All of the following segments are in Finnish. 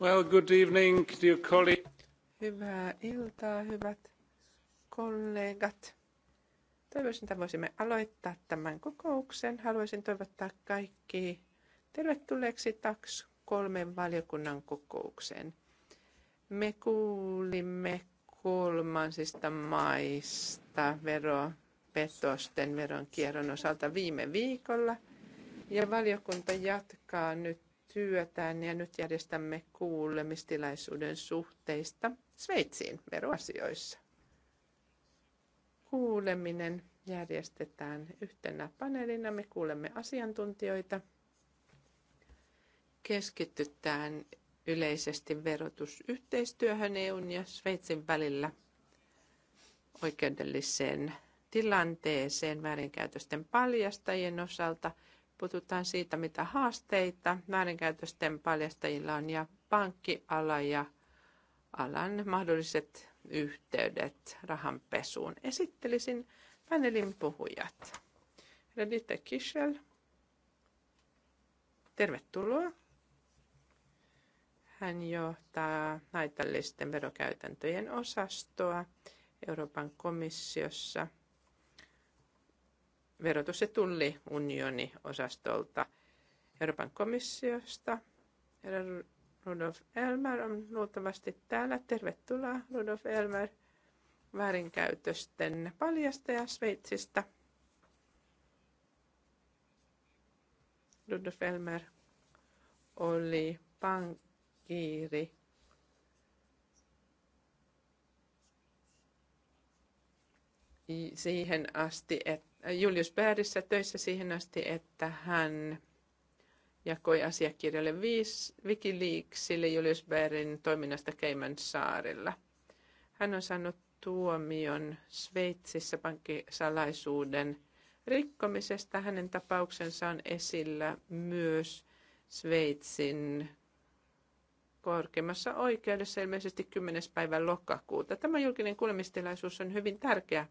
Well, good evening, dear Hyvää iltaa, hyvät kollegat. Toivoisin, että voisimme aloittaa tämän kokouksen. Haluaisin toivottaa kaikki tervetulleeksi TAX kolmen valiokunnan kokoukseen. Me kuulimme kolmansista maista veropetosten veronkierron osalta viime viikolla. Ja valiokunta jatkaa nyt työtään ja nyt järjestämme kuulemistilaisuuden suhteista Sveitsiin veroasioissa. Kuuleminen järjestetään yhtenä paneelina. Me kuulemme asiantuntijoita. Keskitytään yleisesti verotusyhteistyöhön EUn ja Sveitsin välillä oikeudelliseen tilanteeseen väärinkäytösten paljastajien osalta – puhutaan siitä, mitä haasteita väärinkäytösten paljastajilla on ja pankkiala ja alan mahdolliset yhteydet rahanpesuun. Esittelisin panelin puhujat. Redite Kischel, tervetuloa. Hän johtaa haitallisten verokäytäntöjen osastoa Euroopan komissiossa – verotus- ja tulliunioni-osastolta Euroopan komissiosta. Herra Rudolf Elmer on luultavasti täällä. Tervetuloa Rudolf Elmer väärinkäytösten paljastaja Sveitsistä. Rudolf Elmer oli pankkiiri siihen asti, että Äh, Julius Bärissä töissä siihen asti, että hän jakoi asiakirjalle Wikileaksille Julius Bärin toiminnasta Keiman saarilla. Hän on saanut tuomion Sveitsissä pankkisalaisuuden rikkomisesta. Hänen tapauksensa on esillä myös Sveitsin korkeimmassa oikeudessa ilmeisesti 10. päivän lokakuuta. Tämä julkinen kuulemistilaisuus on hyvin tärkeä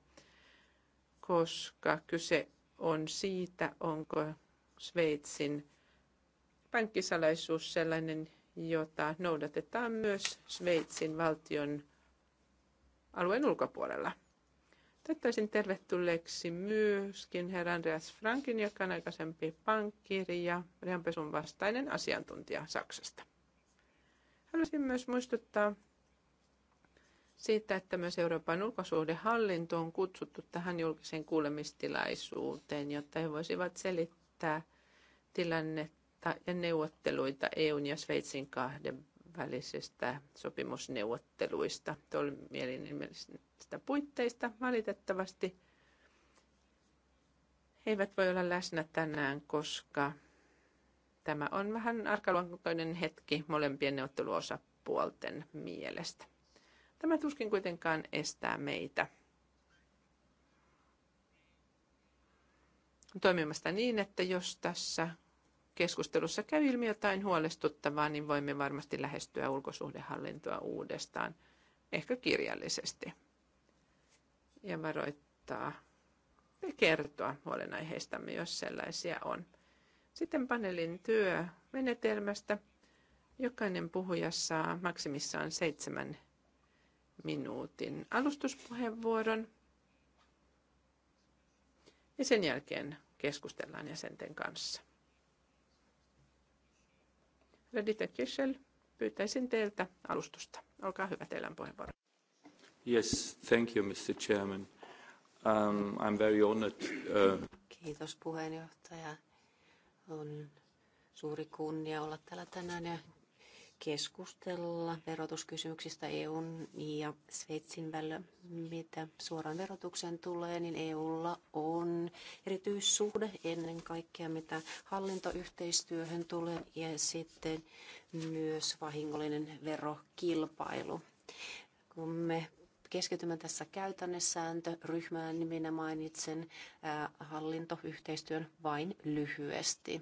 koska kyse on siitä, onko Sveitsin pankkisalaisuus sellainen, jota noudatetaan myös Sveitsin valtion alueen ulkopuolella. Toivottaisin tervetulleeksi myöskin herra Andreas Frankin, joka on aikaisempi pankkiri ja rehanpesun vastainen asiantuntija Saksasta. Haluaisin myös muistuttaa siitä, että myös Euroopan ulkosuhdehallinto on kutsuttu tähän julkiseen kuulemistilaisuuteen, jotta he voisivat selittää tilannetta ja neuvotteluita EUn ja Sveitsin kahden välisistä sopimusneuvotteluista toimielinilmisellisistä puitteista. Valitettavasti he eivät voi olla läsnä tänään, koska tämä on vähän arkaluontoinen hetki molempien neuvotteluosapuolten mielestä. Tämä tuskin kuitenkaan estää meitä toimimasta niin, että jos tässä keskustelussa käy ilmi jotain huolestuttavaa, niin voimme varmasti lähestyä ulkosuhdehallintoa uudestaan, ehkä kirjallisesti, ja varoittaa ja kertoa huolenaiheistamme, jos sellaisia on. Sitten paneelin työmenetelmästä. Jokainen puhuja saa maksimissaan seitsemän minuutin alustuspuheenvuoron. Ja sen jälkeen keskustellaan jäsenten kanssa. Radita Kishel, pyytäisin teiltä alustusta. Olkaa hyvä, teillä on puheenvuoro. Yes, thank you, Mr. Chairman. Um, I'm very honored. Uh... Kiitos puheenjohtaja. On suuri kunnia olla täällä tänään ja keskustella verotuskysymyksistä EUn ja Sveitsin välillä. Mitä suoraan verotukseen tulee, niin EUlla on erityissuhde ennen kaikkea, mitä hallintoyhteistyöhön tulee ja sitten myös vahingollinen verokilpailu. Kun me keskitymme tässä käytännesääntöryhmään, niin minä mainitsen hallintoyhteistyön vain lyhyesti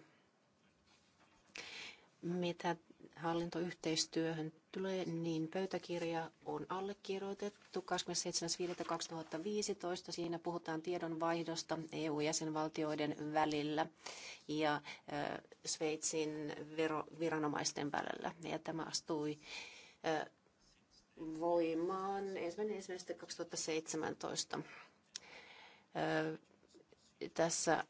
mitä hallintoyhteistyöhön tulee, niin pöytäkirja on allekirjoitettu 27.5.2015. Siinä puhutaan tiedonvaihdosta EU-jäsenvaltioiden välillä ja Sveitsin viranomaisten välillä. Ja tämä astui voimaan 1.1.2017. Tässä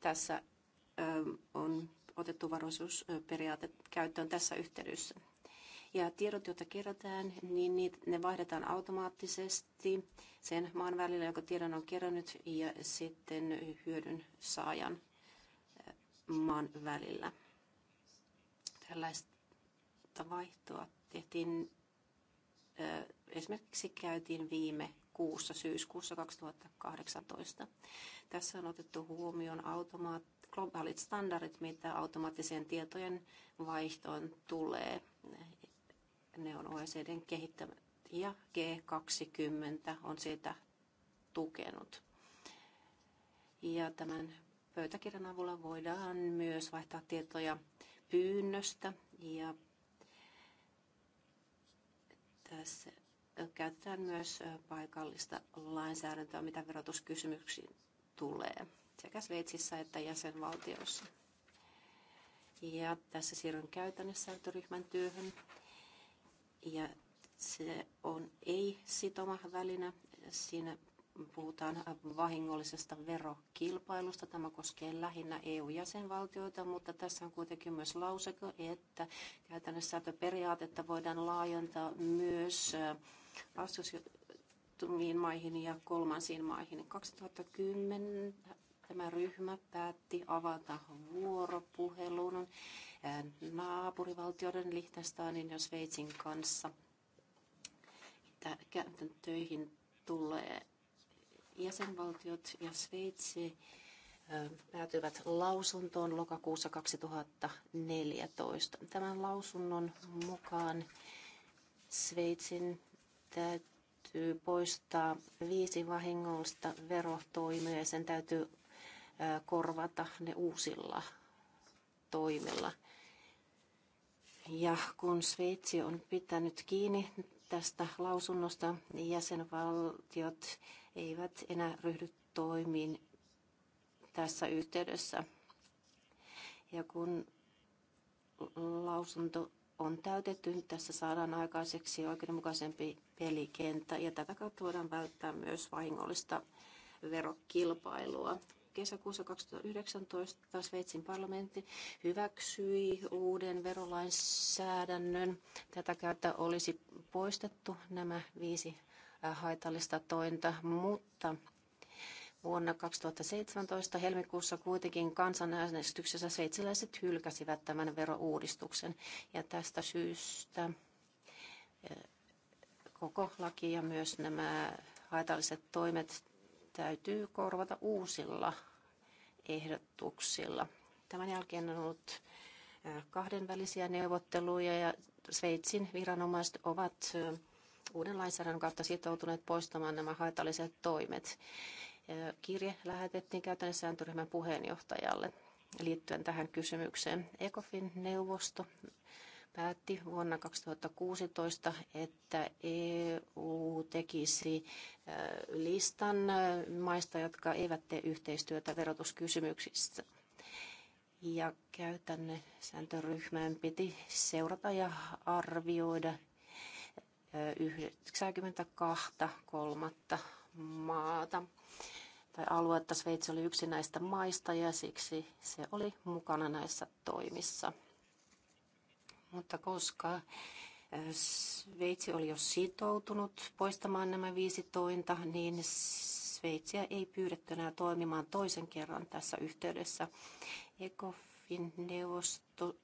Tässä ähm, on otettu varoisuusperiaate käyttöön tässä yhteydessä. Ja tiedot, joita kerätään, niin niitä, ne vaihdetaan automaattisesti sen maan välillä, joka tiedon on kerännyt, ja sitten hyödyn saajan äh, maan välillä. Tällaista vaihtoa tehtiin, äh, esimerkiksi käytiin viime kuussa, syyskuussa 2018. Tässä on otettu huomioon automaat, globaalit standardit, mitä automaattiseen tietojen vaihtoon tulee. Ne on OECDn kehittämä ja G20 on sitä tukenut. Ja tämän pöytäkirjan avulla voidaan myös vaihtaa tietoja pyynnöstä ja tässä käytetään myös paikallista lainsäädäntöä, mitä verotuskysymyksiin tulee sekä Sveitsissä että jäsenvaltioissa. Ja tässä siirryn käytännössääntöryhmän työhön. Ja se on ei-sitoma väline. Siinä puhutaan vahingollisesta verokilpailusta. Tämä koskee lähinnä EU-jäsenvaltioita, mutta tässä on kuitenkin myös lauseko, että käytännössä periaatetta voidaan laajentaa myös äh, assosioitumiin maihin ja kolmansiin maihin. 2010 tämä ryhmä päätti avata vuoropuhelun äh, naapurivaltioiden Liechtensteinin ja Sveitsin kanssa. Käytäntöihin tulee jäsenvaltiot ja Sveitsi päätyivät lausuntoon lokakuussa 2014. Tämän lausunnon mukaan Sveitsin täytyy poistaa viisi vahingollista verotoimia ja sen täytyy korvata ne uusilla toimilla. Ja kun Sveitsi on pitänyt kiinni tästä lausunnosta, niin jäsenvaltiot eivät enää ryhdy toimiin tässä yhteydessä. Ja kun lausunto on täytetty, niin tässä saadaan aikaiseksi oikeudenmukaisempi pelikenttä ja tätä kautta voidaan välttää myös vahingollista verokilpailua. Kesäkuussa 2019 Sveitsin parlamentti hyväksyi uuden verolainsäädännön. Tätä käyttä olisi poistettu nämä viisi Äh, haitallista tointa, mutta Vuonna 2017 helmikuussa kuitenkin kansanäänestyksessä sveitsiläiset hylkäsivät tämän verouudistuksen ja tästä syystä äh, koko laki ja myös nämä haitalliset toimet täytyy korvata uusilla ehdotuksilla. Tämän jälkeen on ollut äh, kahdenvälisiä neuvotteluja ja Sveitsin viranomaiset ovat uuden lainsäädännön kautta sitoutuneet poistamaan nämä haitalliset toimet. Kirje lähetettiin käytännössä sääntöryhmän puheenjohtajalle liittyen tähän kysymykseen. ECOFIN neuvosto päätti vuonna 2016, että EU tekisi listan maista, jotka eivät tee yhteistyötä verotuskysymyksissä. Ja käytännön sääntöryhmän piti seurata ja arvioida 92.3. maata tai aluetta. Sveitsi oli yksi näistä maista ja siksi se oli mukana näissä toimissa. Mutta koska äh, Sveitsi oli jo sitoutunut poistamaan nämä viisi tointa, niin Sveitsiä ei pyydetty enää toimimaan toisen kerran tässä yhteydessä. ECOFIN neuvosto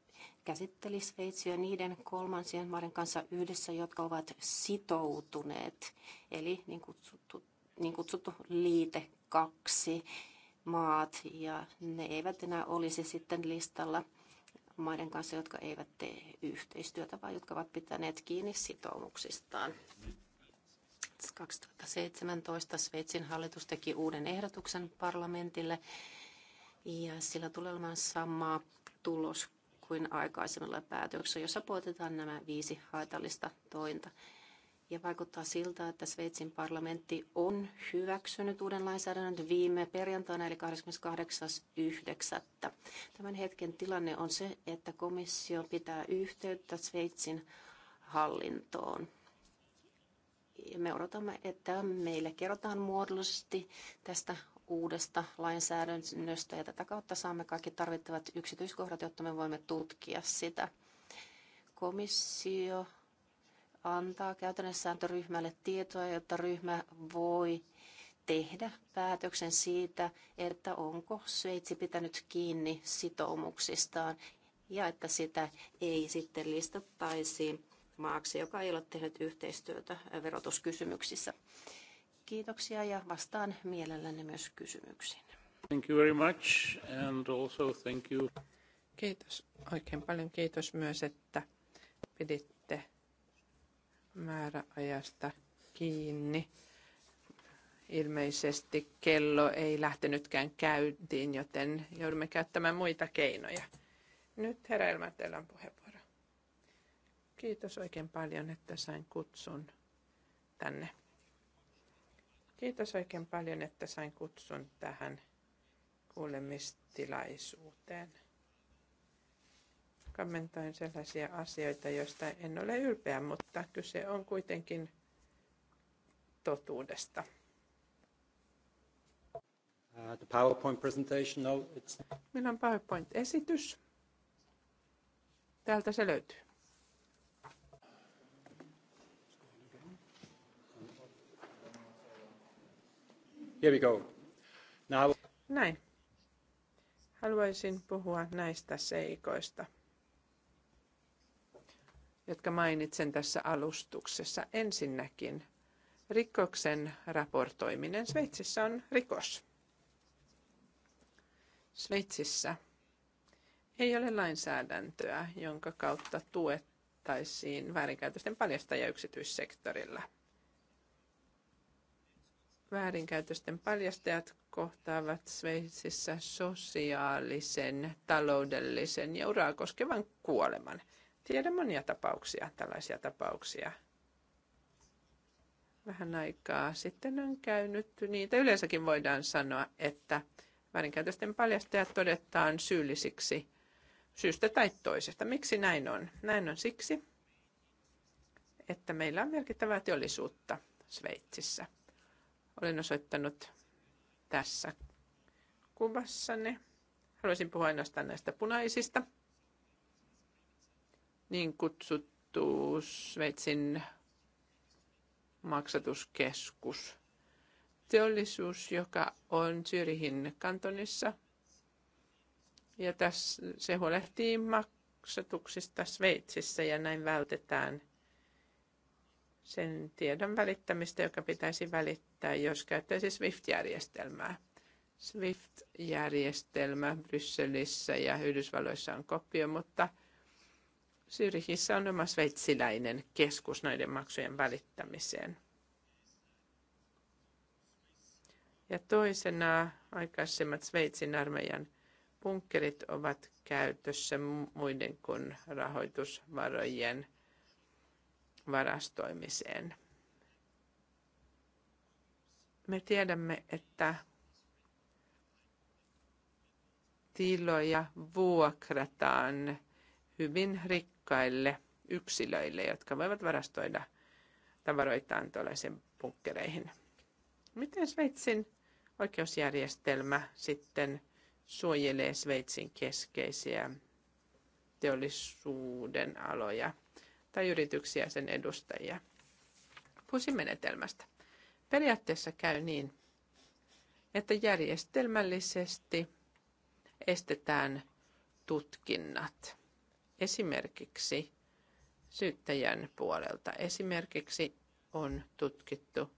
käsitteli Sveitsiä niiden kolmansien maiden kanssa yhdessä, jotka ovat sitoutuneet, eli niin kutsuttu, niin kutsuttu liite kaksi maat, ja ne eivät enää olisi sitten listalla maiden kanssa, jotka eivät tee yhteistyötä, vaan jotka ovat pitäneet kiinni sitoumuksistaan. 2017 Sveitsin hallitus teki uuden ehdotuksen parlamentille ja sillä tulee olemaan sama tulos kuin aikaisemmilla päätöksillä, jossa poitetaan nämä viisi haitallista tointa. Ja vaikuttaa siltä, että Sveitsin parlamentti on hyväksynyt uuden lainsäädännön viime perjantaina, eli 28.9. Tämän hetken tilanne on se, että komissio pitää yhteyttä Sveitsin hallintoon. ja Me odotamme, että meille kerrotaan muodollisesti tästä uudesta lainsäädännöstä ja tätä kautta saamme kaikki tarvittavat yksityiskohdat, jotta me voimme tutkia sitä. Komissio antaa sääntöryhmälle tietoa, jotta ryhmä voi tehdä päätöksen siitä, että onko Sveitsi pitänyt kiinni sitoumuksistaan ja että sitä ei sitten listattaisi maaksi, joka ei ole tehnyt yhteistyötä verotuskysymyksissä. Kiitoksia ja vastaan mielelläni myös kysymyksiin. Thank you very much and also thank you. Kiitos. Oikein paljon kiitos myös, että piditte määräajasta kiinni. Ilmeisesti kello ei lähtenytkään käyntiin, joten joudumme käyttämään muita keinoja. Nyt herra Elmä, teillä on puheenvuoro. Kiitos oikein paljon, että sain kutsun tänne. Kiitos oikein paljon, että sain kutsun tähän kuulemistilaisuuteen. Kommentoin sellaisia asioita, joista en ole ylpeä, mutta kyse on kuitenkin totuudesta. Uh, the PowerPoint presentation, no, it's... Meillä on PowerPoint-esitys. Täältä se löytyy. Here we go. Now. Näin. Haluaisin puhua näistä seikoista, jotka mainitsen tässä alustuksessa. Ensinnäkin rikoksen raportoiminen Sveitsissä on rikos. Sveitsissä ei ole lainsäädäntöä, jonka kautta tuettaisiin väärinkäytösten paljastajia yksityissektorilla – väärinkäytösten paljastajat kohtaavat Sveitsissä sosiaalisen, taloudellisen ja uraa koskevan kuoleman. Tiedän monia tapauksia, tällaisia tapauksia. Vähän aikaa sitten on käynyt niitä. Yleensäkin voidaan sanoa, että väärinkäytösten paljastajat todetaan syyllisiksi syystä tai toisesta. Miksi näin on? Näin on siksi, että meillä on merkittävää teollisuutta Sveitsissä – olen osoittanut tässä kuvassanne. Haluaisin puhua ainoastaan näistä punaisista. Niin kutsuttu Sveitsin maksatuskeskus. Teollisuus, joka on Syrihin kantonissa. Ja tässä se huolehtii maksatuksista Sveitsissä ja näin vältetään sen tiedon välittämistä, joka pitäisi välittää tai jos käyttäisi SWIFT-järjestelmää. SWIFT-järjestelmä Brysselissä ja Yhdysvalloissa on kopio, mutta Syrjissä on oma sveitsiläinen keskus näiden maksujen välittämiseen. Ja toisena aikaisemmat Sveitsin armeijan bunkerit ovat käytössä muiden kuin rahoitusvarojen varastoimiseen. Me tiedämme, että tiloja vuokrataan hyvin rikkaille yksilöille, jotka voivat varastoida tavaroitaan tuollaisiin bunkkereihin. Miten Sveitsin oikeusjärjestelmä sitten suojelee Sveitsin keskeisiä teollisuuden aloja tai yrityksiä sen edustajia? Pusimenetelmästä. Periaatteessa käy niin, että järjestelmällisesti estetään tutkinnat. Esimerkiksi syyttäjän puolelta. Esimerkiksi on tutkittu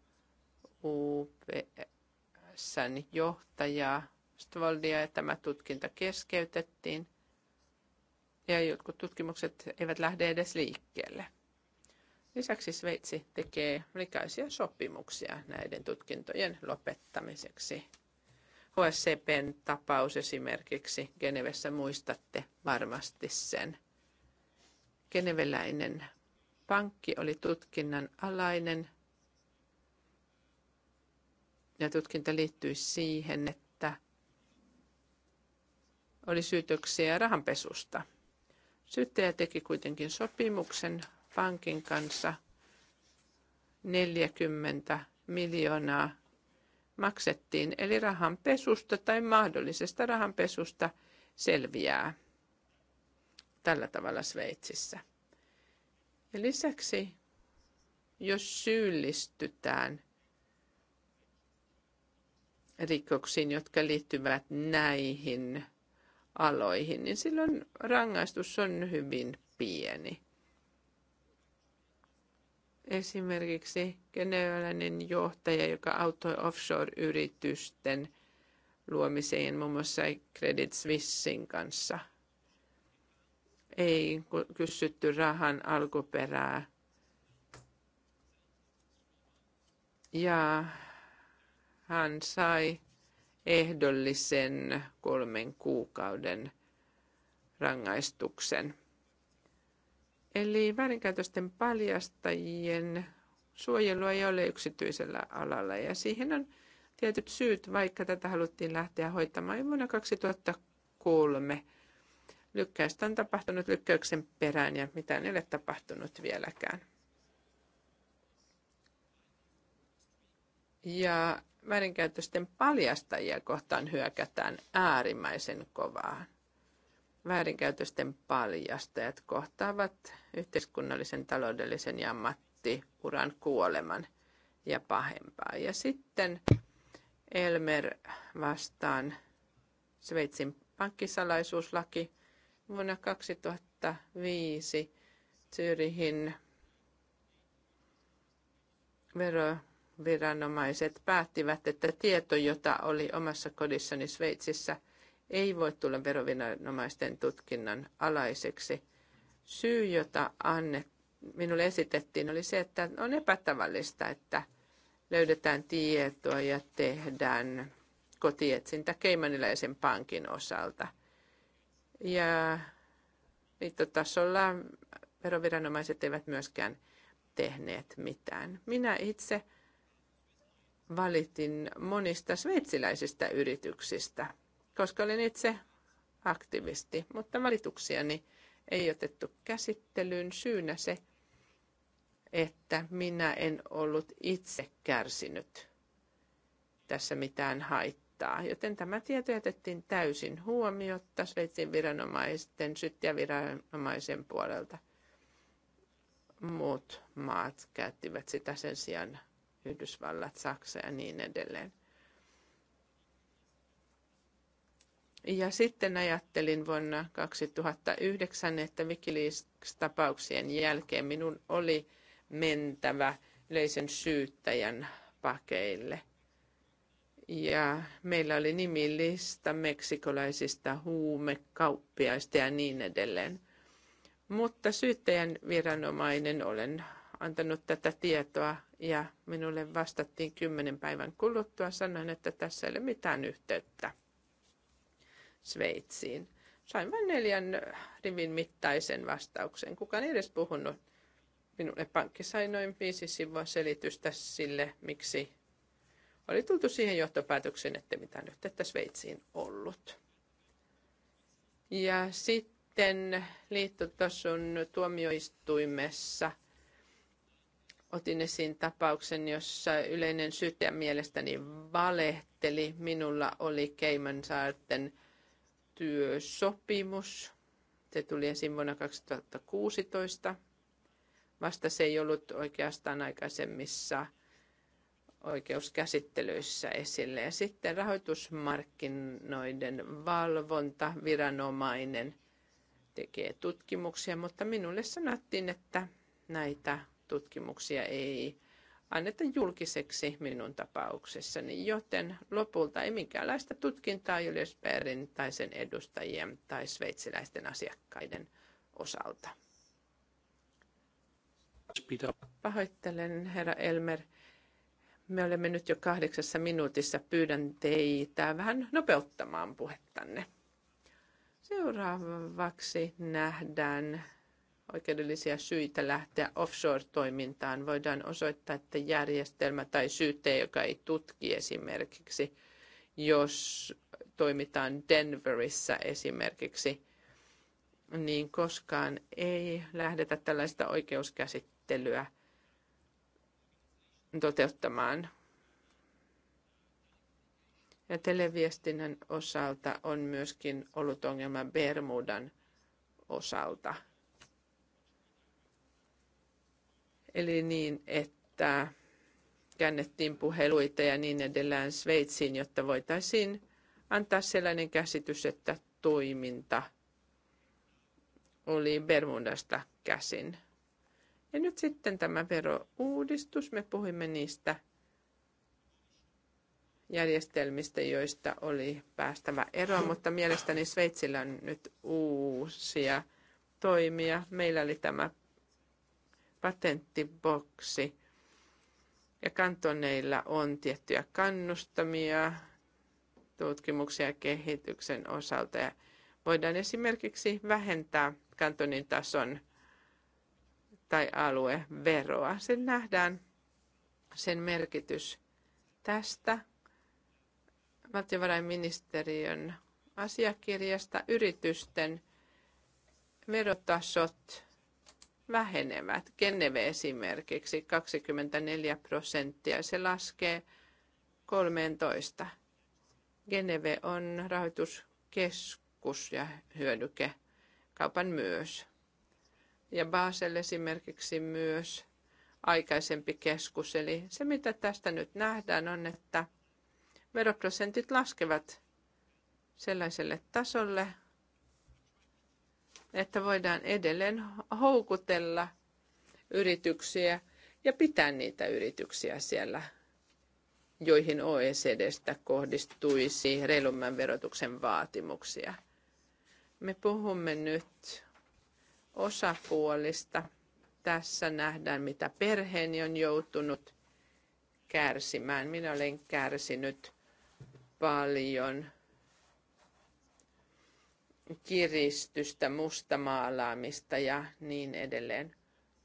UPSn johtajaa Stvoldia ja tämä tutkinta keskeytettiin. Ja jotkut tutkimukset eivät lähde edes liikkeelle. Lisäksi Sveitsi tekee likaisia sopimuksia näiden tutkintojen lopettamiseksi. HSCPn tapaus esimerkiksi Genevessä muistatte varmasti sen. Geneveläinen pankki oli tutkinnan alainen ja tutkinta liittyi siihen, että oli syytöksiä rahanpesusta. Syyttäjä teki kuitenkin sopimuksen pankin kanssa 40 miljoonaa maksettiin, eli rahanpesusta tai mahdollisesta rahanpesusta selviää tällä tavalla Sveitsissä. Ja lisäksi, jos syyllistytään rikoksiin, jotka liittyvät näihin aloihin, niin silloin rangaistus on hyvin pieni. Esimerkiksi genealainen johtaja, joka auttoi offshore-yritysten luomiseen muun muassa Credit Suissein kanssa. Ei kysytty rahan alkuperää. Ja hän sai ehdollisen kolmen kuukauden rangaistuksen. Eli väärinkäytösten paljastajien suojelu ei ole yksityisellä alalla ja siihen on tietyt syyt, vaikka tätä haluttiin lähteä hoitamaan jo vuonna 2003. Lykkäystä on tapahtunut lykkäyksen perään ja mitään ei ole tapahtunut vieläkään. Ja väärinkäytösten paljastajia kohtaan hyökätään äärimmäisen kovaa väärinkäytösten paljastajat kohtaavat yhteiskunnallisen, taloudellisen ja ammattiuran kuoleman ja pahempaa. Ja sitten Elmer vastaan Sveitsin pankkisalaisuuslaki vuonna 2005 Zyrihin veroviranomaiset päättivät, että tieto, jota oli omassa kodissani Sveitsissä – ei voi tulla veroviranomaisten tutkinnan alaiseksi. Syy, jota Anne minulle esitettiin, oli se, että on epätavallista, että löydetään tietoa ja tehdään kotietsintä Keimaniläisen pankin osalta. Ja liittotasolla veroviranomaiset eivät myöskään tehneet mitään. Minä itse valitin monista sveitsiläisistä yrityksistä – koska olin itse aktivisti, mutta valituksiani ei otettu käsittelyyn syynä se, että minä en ollut itse kärsinyt tässä mitään haittaa. Joten tämä tieto jätettiin täysin huomiotta Sveitsin viranomaisten, syyttäjäviranomaisen puolelta. Muut maat käyttivät sitä sen sijaan Yhdysvallat, Saksa ja niin edelleen. Ja sitten ajattelin vuonna 2009, että Wikileaks-tapauksien jälkeen minun oli mentävä yleisen syyttäjän pakeille. Ja meillä oli nimilista meksikolaisista huumekauppiaista ja niin edelleen. Mutta syyttäjän viranomainen olen antanut tätä tietoa ja minulle vastattiin kymmenen päivän kuluttua. sanoen, että tässä ei ole mitään yhteyttä Sveitsiin. Sain vain neljän äh, rivin mittaisen vastauksen. Kukaan ei edes puhunut. Minulle pankki sai noin viisi sivua selitystä sille, miksi oli tultu siihen johtopäätökseen, että mitä nyt että Sveitsiin ollut. Ja sitten liittotason tuomioistuimessa otin esiin tapauksen, jossa yleinen syyttäjä mielestäni valehteli. Minulla oli Keimansaarten saarten työsopimus. Se tuli ensin vuonna 2016. Vasta se ei ollut oikeastaan aikaisemmissa oikeuskäsittelyissä esille. Ja sitten rahoitusmarkkinoiden valvonta, viranomainen tekee tutkimuksia, mutta minulle sanottiin, että näitä tutkimuksia ei anneta julkiseksi minun tapauksessani, joten lopulta ei minkäänlaista tutkintaa Julius Berlin tai sen edustajien tai sveitsiläisten asiakkaiden osalta. Pahoittelen, herra Elmer. Me olemme nyt jo kahdeksassa minuutissa. Pyydän teitä vähän nopeuttamaan puhettanne. Seuraavaksi nähdään oikeudellisia syitä lähteä offshore-toimintaan. Voidaan osoittaa, että järjestelmä tai syyttäjä, joka ei tutki esimerkiksi, jos toimitaan Denverissä esimerkiksi, niin koskaan ei lähdetä tällaista oikeuskäsittelyä toteuttamaan. Ja televiestinnän osalta on myöskin ollut ongelma Bermudan osalta – Eli niin, että käännettiin puheluita ja niin edellään Sveitsiin, jotta voitaisiin antaa sellainen käsitys, että toiminta oli Bermudasta käsin. Ja nyt sitten tämä verouudistus, me puhuimme niistä järjestelmistä, joista oli päästävä eroon, mutta mielestäni Sveitsillä on nyt uusia toimia. Meillä oli tämä patenttiboksi ja kantoneilla on tiettyjä kannustamia tutkimuksia ja kehityksen osalta. Ja voidaan esimerkiksi vähentää kantonin tason tai alueveroa. Sen nähdään sen merkitys tästä valtiovarainministeriön asiakirjasta yritysten verotasot vähenevät. Geneve esimerkiksi 24 prosenttia, se laskee 13. Geneve on rahoituskeskus ja hyödyke kaupan myös. Ja Basel esimerkiksi myös aikaisempi keskus. Eli se, mitä tästä nyt nähdään, on, että veroprosentit laskevat sellaiselle tasolle, että voidaan edelleen houkutella yrityksiä ja pitää niitä yrityksiä siellä, joihin OECDstä kohdistuisi reilumman verotuksen vaatimuksia. Me puhumme nyt osapuolista. Tässä nähdään, mitä perheeni on joutunut kärsimään. Minä olen kärsinyt paljon – kiristystä, mustamaalaamista ja niin edelleen.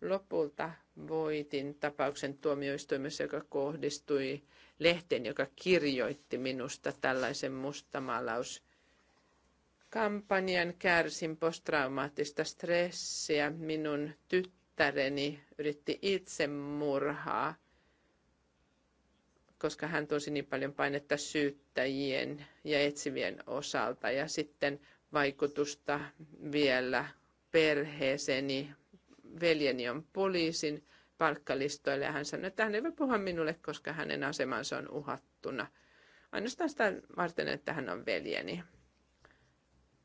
Lopulta voitin tapauksen tuomioistuimessa, joka kohdistui lehteen, joka kirjoitti minusta tällaisen mustamaalaus kampanjan kärsin posttraumaattista stressiä. Minun tyttäreni yritti itsemurhaa, koska hän tunsi niin paljon painetta syyttäjien ja etsivien osalta. Ja sitten vaikutusta vielä perheeseeni. Veljeni on poliisin palkkalistoille ja hän sanoi, että hän ei voi puhua minulle, koska hänen asemansa on uhattuna. Ainoastaan sitä varten, että hän on veljeni.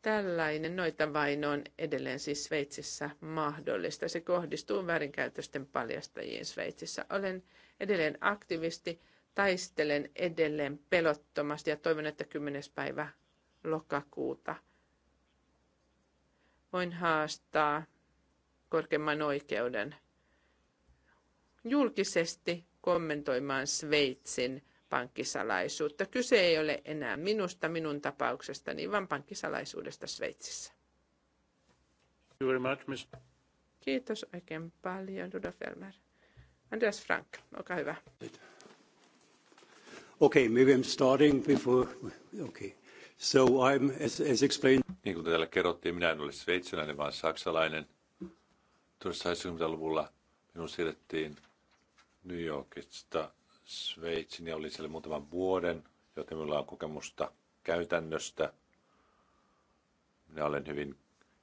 Tällainen noita vain on edelleen siis Sveitsissä mahdollista. Se kohdistuu väärinkäytösten paljastajiin Sveitsissä. Olen edelleen aktivisti, taistelen edelleen pelottomasti ja toivon, että 10. päivä lokakuuta – voin haastaa korkeimman oikeuden julkisesti kommentoimaan Sveitsin pankkisalaisuutta. Kyse ei ole enää minusta, minun tapauksestani, vaan pankkisalaisuudesta Sveitsissä. Kiitos oikein paljon, Rudo Felmer. Andreas Frank, olkaa hyvä. Okay, maybe I'm starting before... Okay. So I'm, as, as explained... Niin kuin täällä kerrottiin, minä en ole sveitsiläinen, vaan saksalainen. 1970-luvulla minun siirrettiin New Yorkista Sveitsiin ja olin siellä muutaman vuoden, joten minulla on kokemusta käytännöstä. Minä olen hyvin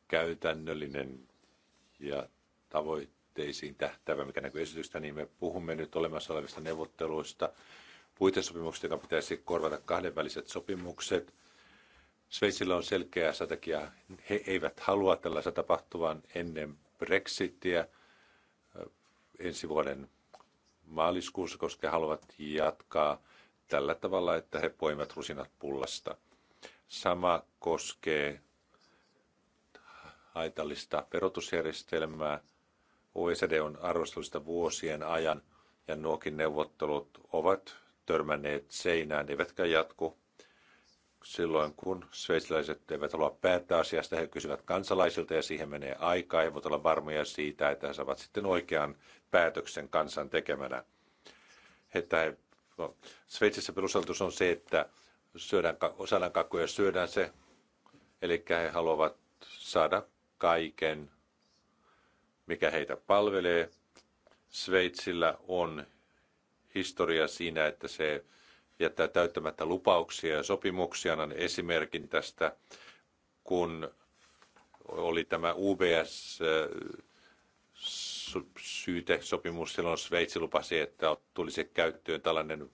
käytännöllinen ja tavoitteisiin tähtävä, mikä näkyy esityksestä, niin me puhumme nyt olemassa olevista neuvotteluista, Puitesopimukset, joka pitäisi korvata kahdenväliset sopimukset – Sveitsillä on selkeä strategia. He eivät halua tällaista tapahtuvan ennen Brexitia ensi vuoden maaliskuussa, koska he haluavat jatkaa tällä tavalla, että he poimivat rusinat pullasta. Sama koskee haitallista verotusjärjestelmää. OECD on arvostelusta vuosien ajan ja nuokin neuvottelut ovat törmänneet seinään, eivätkä jatku silloin, kun sveitsiläiset eivät halua päättää asiasta, he kysyvät kansalaisilta ja siihen menee aikaa ja voivat olla varmoja siitä, että he saavat sitten oikean päätöksen kansan tekemänä. Että no, Sveitsissä perusajatus on se, että syödään, saadaan kakkuja ja syödään se. Eli he haluavat saada kaiken, mikä heitä palvelee. Sveitsillä on historia siinä, että se jättää täyttämättä lupauksia ja sopimuksia. Annan esimerkin tästä, kun oli tämä UBS eh, syytesopimus, silloin Sveitsi lupasi, että tulisi käyttöön tällainen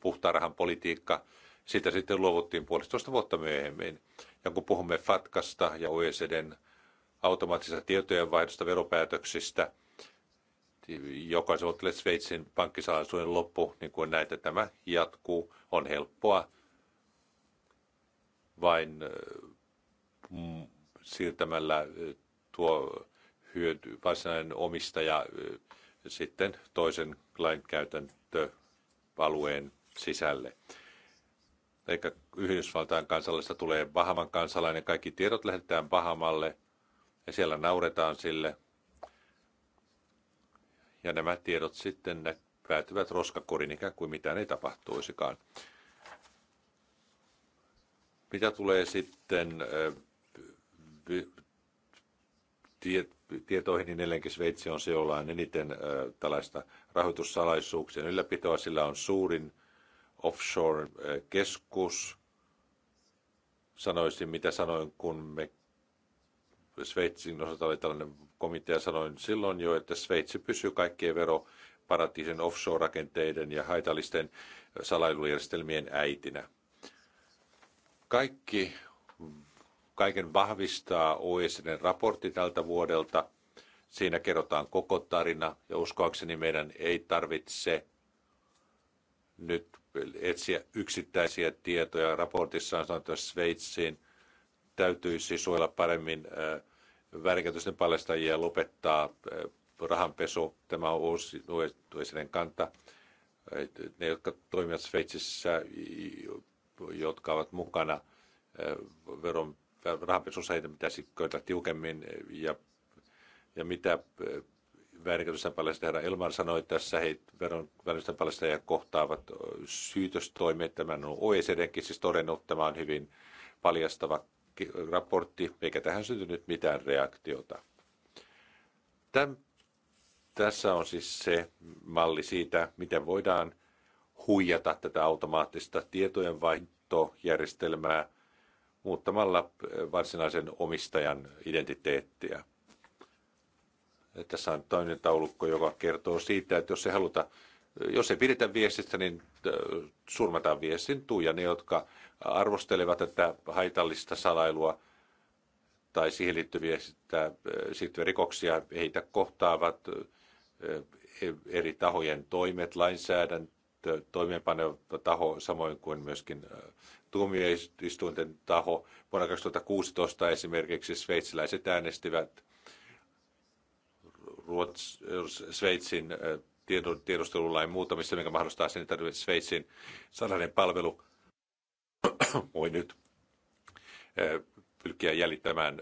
puhtaarahan politiikka. Siitä sitten luovuttiin puolitoista vuotta myöhemmin. Ja kun puhumme FATKasta ja OECDn automaattisesta tietojenvaihdosta veropäätöksistä – joka on Sveitsin pankkisalaisuuden loppu, niin kuin näitä tämä jatkuu, on helppoa vain mm, siirtämällä tuo hyöty, varsinainen omistaja sitten toisen lainkäytäntöalueen sisälle. Eikä Yhdysvaltain kansallista tulee Bahaman kansalainen, kaikki tiedot lähetetään Bahamalle ja siellä nauretaan sille – ja nämä tiedot sitten nä- päätyvät roskakorin ikään kuin mitään ei tapahtuisikaan. Mitä tulee sitten tie, tietoihin, niin edelleenkin Sveitsi on se, jolla on eniten tällaista rahoitussalaisuuksien ylläpitoa. Sillä on suurin offshore-keskus. Sanoisin, mitä sanoin, kun me Sveitsin osalta oli tällainen komitea, sanoin silloin jo, että Sveitsi pysyy kaikkien veroparatiisin offshore-rakenteiden ja haitallisten salailujärjestelmien äitinä. Kaikki, kaiken vahvistaa OECDn raportti tältä vuodelta. Siinä kerrotaan koko tarina ja uskoakseni meidän ei tarvitse nyt etsiä yksittäisiä tietoja. Raportissa on sanottu, että Sveitsiin täytyisi suojella paremmin äh, väärinkäytösten paljastajia lopettaa eh, rahanpesu. Tämä on uusi OECD kanta. Ne, jotka toimivat Sveitsissä, jotka ovat mukana eh, veron rahanpesussa, heitä pitäisi köytää tiukemmin. Ja, ja mitä eh, väärinkäytösten paljasta herra Elmar sanoi tässä, he veron väärinkäytösten paljastajia kohtaavat syytöstoimet. Tämän on OECDkin siis todennut, tämä on hyvin paljastava raportti, eikä tähän syntynyt mitään reaktiota. Tämän, tässä on siis se malli siitä, miten voidaan huijata tätä automaattista tietojenvaihtojärjestelmää muuttamalla eh, varsinaisen omistajan identiteettiä. Tässä on toinen taulukko, joka kertoo siitä, että jos se haluta jos ei pidetä viestistä, niin surmataan viestin tuja ne, jotka arvostelevat tätä haitallista salailua tai siihen liittyviä, sitä, liittyviä rikoksia, heitä kohtaavat e, eri tahojen toimet, lainsäädäntö, toimeenpaneva taho, samoin kuin myöskin tuomioistuinten taho. Vuonna 2016 esimerkiksi sveitsiläiset äänestivät Ruots, Sveitsin tiedustelulain muutamista, mikä mahdollistaa sen, että Sveitsin salainen palvelu voi nyt pyrkiä jäljittämään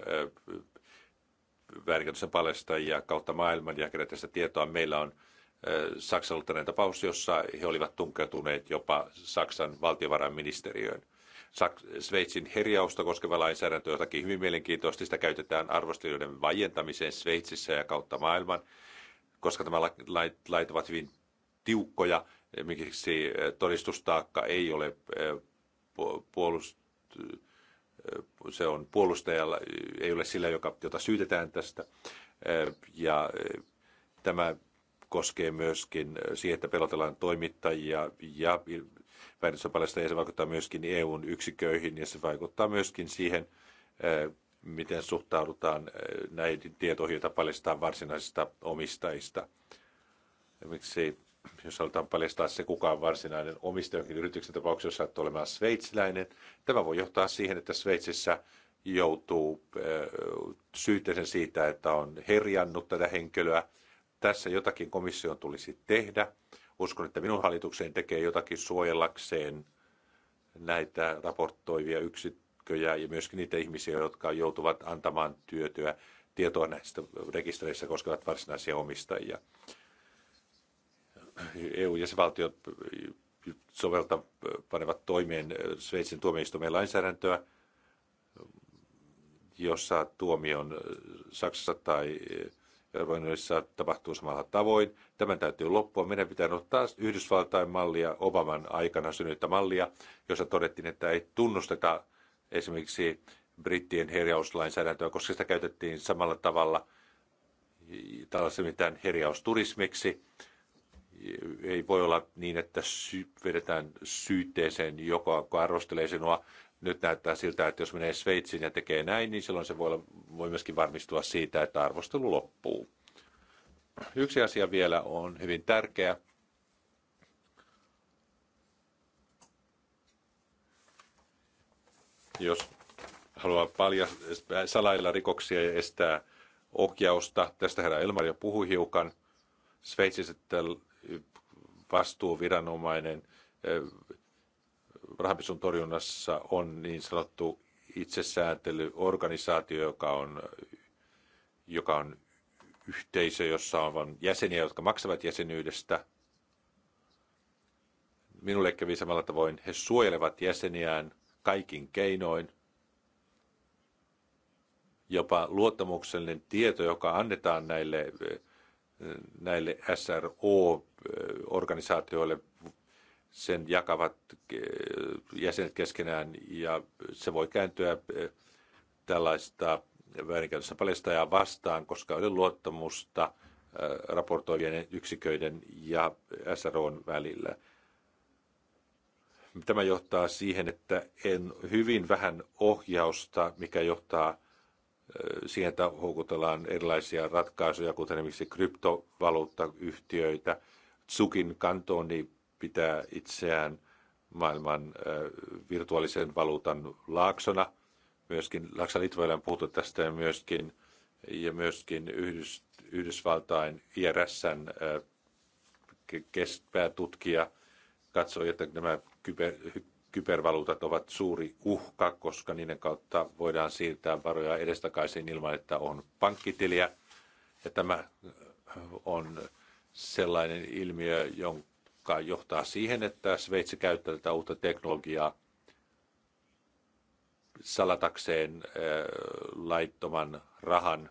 väärinkäytöksen paljastajia kautta maailman ja kerätä sitä tietoa. Meillä on Saksalla tapaus, jossa he olivat tunkeutuneet jopa Saksan valtiovarainministeriöön. Sveitsin herjausta koskeva lainsäädäntö jotakin hyvin mielenkiintoista. Sitä käytetään arvostelijoiden vajentamiseen Sveitsissä ja kautta maailman koska tämä lait, lait ovat hyvin tiukkoja. Miksi eh, todistustaakka ei ole eh, puolust, eh, se on puolustajalla, ei ole sillä, joka, jota syytetään tästä. Ja tämä koskee myöskin siihen, että pelotellaan toimittajia ja väitösopalasta paljastajia. se vaikuttaa myöskin EUn yksiköihin ja se vaikuttaa myöskin siihen, miten suhtaudutaan eh, näihin tietoihin, joita paljastetaan varsinaisista omistajista. Miksi, jos halutaan paljastaa se, kuka on varsinainen omistaja jonkin yrityksen tapauksessa, jos saattaa olemaan sveitsiläinen, tämä voi johtaa siihen, että Sveitsissä joutuu eh, syytteeseen siitä, että on herjannut tätä henkilöä. Tässä jotakin komission tulisi tehdä. Uskon, että minun hallitukseen tekee jotakin suojellakseen näitä raportoivia yksittäisiä päällikköjä ja myöskin niitä ihmisiä, jotka joutuvat antamaan työtyä tietoa näistä rekistereistä koskevat varsinaisia omistajia. EU-jäsenvaltiot sovelta panevat toimeen Sveitsin tuomioistuimen lainsäädäntöä, jossa tuomion Saksassa tai Euroopanissa tapahtuu samalla tavoin. Tämän täytyy loppua. Meidän pitää ottaa Yhdysvaltain mallia, Obaman aikana synnyttä mallia, jossa todettiin, että ei tunnusteta esimerkiksi brittien herjauslainsäädäntöä, koska sitä käytettiin samalla tavalla tällaisen mitään herjausturismiksi. Ei voi olla niin, että sy- vedetään syytteeseen, joka arvostelee sinua. Nyt näyttää siltä, että jos menee Sveitsiin ja tekee näin, niin silloin se voi, olla, voi myöskin varmistua siitä, että arvostelu loppuu. Yksi asia vielä on hyvin tärkeä. jos haluaa paljast- salailla rikoksia ja estää ohjausta. Tästä herra Elmar jo puhui hiukan. Sveitsissä vastuuviranomainen rahanpesun torjunnassa on niin sanottu itsesääntelyorganisaatio, joka on, joka on yhteisö, jossa on vain jäseniä, jotka maksavat jäsenyydestä. Minulle kävi samalla tavoin. He suojelevat jäseniään – kaikin keinoin. Jopa luottamuksellinen tieto, joka annetaan näille, näille SRO-organisaatioille, sen jakavat jäsenet keskenään ja se voi kääntyä tällaista väärinkäytössä paljastajaa vastaan, koska oli luottamusta raportoivien yksiköiden ja SROn välillä. Tämä johtaa siihen, että en hyvin vähän ohjausta, mikä johtaa siihen, että houkutellaan erilaisia ratkaisuja, kuten esimerkiksi kryptovaluuttayhtiöitä. Tsukin kantooni pitää itseään maailman virtuaalisen valuutan laaksona. Myöskin Laksa Litvoilla on puhuttu tästä ja myöskin, ja myöskin Yhdysvaltain IRSn päätutkija katsoi, että nämä kyber, kybervaluutat ovat suuri uhka, koska niiden kautta voidaan siirtää varoja edestakaisin ilman, että on pankkitiliä. Ja tämä äh, on sellainen ilmiö, jonka johtaa siihen, että Sveitsi käyttää tätä uutta teknologiaa salatakseen äh, laittoman rahan,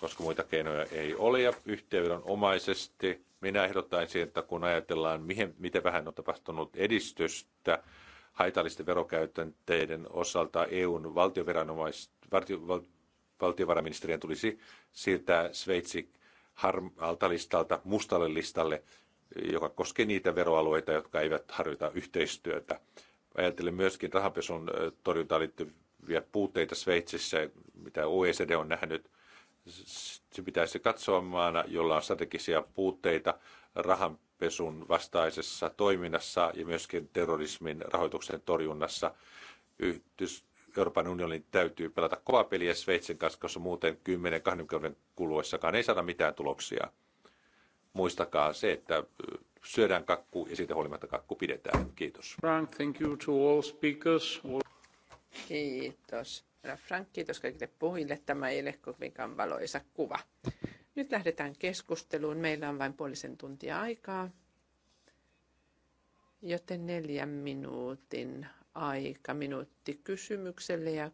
koska muita keinoja ei ole. Ja yhteydenomaisesti minä ehdottaisin, että kun ajatellaan, mihin, miten vähän on tapahtunut edistystä haitallisten verokäytänteiden osalta EUn valtioviranomais, valtio, tulisi siirtää Sveitsi harmaalta listalta mustalle listalle, joka koskee niitä veroalueita, jotka eivät harjoita yhteistyötä. Ajattelen myöskin rahanpesun torjuntaan liittyviä puutteita Sveitsissä, mitä OECD on nähnyt – se pitäisi katsoa maana, jolla on strategisia puutteita rahanpesun vastaisessa toiminnassa ja myöskin terrorismin rahoituksen torjunnassa. Yhdys, Euroopan unionin täytyy pelata kovaa peliä Sveitsin kanssa, koska muuten 10-20 kuluessakaan ei saada mitään tuloksia. Muistakaa se, että syödään kakku ja siitä huolimatta kakku pidetään. Kiitos. Frank, thank you to all speakers. All... Kiitos. Frank, kiitos kaikille puhujille. Tämä ei ole kovinkaan valoisa kuva. Nyt lähdetään keskusteluun. Meillä on vain puolisen tuntia aikaa, joten neljän minuutin aika minuutti kysymykselle ja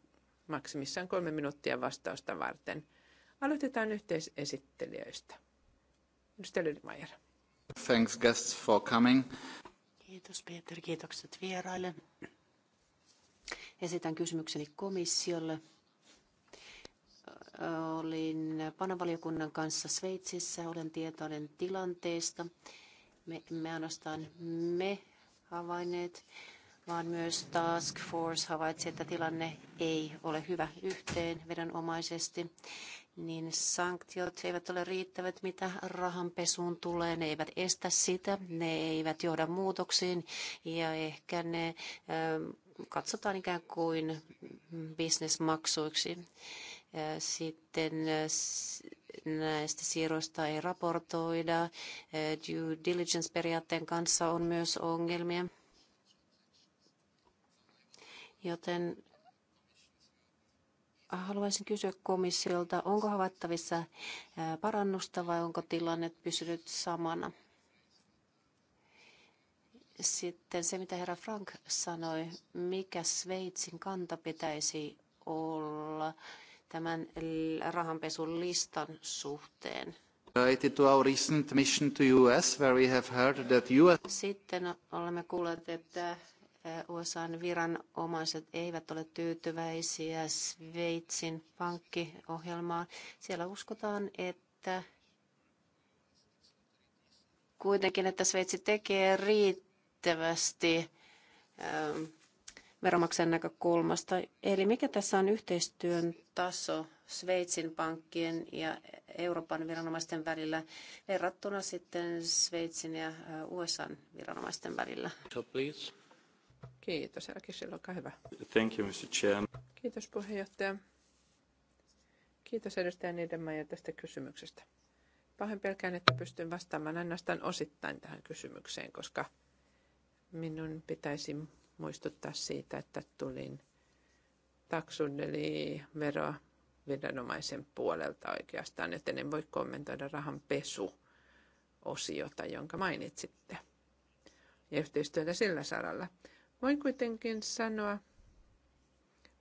maksimissaan kolme minuuttia vastausta varten. Aloitetaan yhteisesittelijöistä. Edustaja Lydmeijer. Thanks guests for coming. Kiitos Peter, kiitokset vieraille. Esitän kysymykseni komissiolle. Olin panavaliokunnan kanssa Sveitsissä, olen tietoinen tilanteesta. Me, me ainoastaan me havainneet, vaan myös Task Force havaitsi, että tilanne ei ole hyvä vedonomaisesti. niin sanktiot eivät ole riittävät, mitä rahanpesuun tulee. Ne eivät estä sitä, ne eivät johda muutoksiin ja ehkä ne ähm, katsotaan ikään kuin bisnesmaksuiksi. Sitten äh, näistä siirroista ei raportoida. Äh, due diligence-periaatteen kanssa on myös ongelmia. Joten haluaisin kysyä komissiolta, onko havaittavissa äh, parannusta vai onko tilanne pysynyt samana? Sitten se, mitä herra Frank sanoi, mikä Sveitsin kanta pitäisi olla tämän rahanpesun listan suhteen. Uh, sitten olemme kuulleet, että USAn uh, viranomaiset eivät ole tyytyväisiä Sveitsin pankkiohjelmaan. Siellä uskotaan, että kuitenkin, että Sveitsi tekee riittävästi riittävästi ähm, veronmaksajan näkökulmasta. Eli mikä tässä on yhteistyön taso Sveitsin pankkien ja Euroopan viranomaisten välillä verrattuna sitten Sveitsin ja äh, USAn viranomaisten välillä? Kiitos, Elkis, olkaa hyvä. Thank you, Mr. Chairman. Kiitos puheenjohtaja. Kiitos edustaja Niedemäjä tästä kysymyksestä. Pahoin pelkään, että pystyn vastaamaan ainoastaan osittain tähän kysymykseen, koska – Minun pitäisi muistuttaa siitä, että tulin taksun eli veroa viranomaisen puolelta oikeastaan, joten en voi kommentoida rahan osiota, jonka mainitsitte. Ja yhteistyötä sillä saralla. Voin kuitenkin sanoa,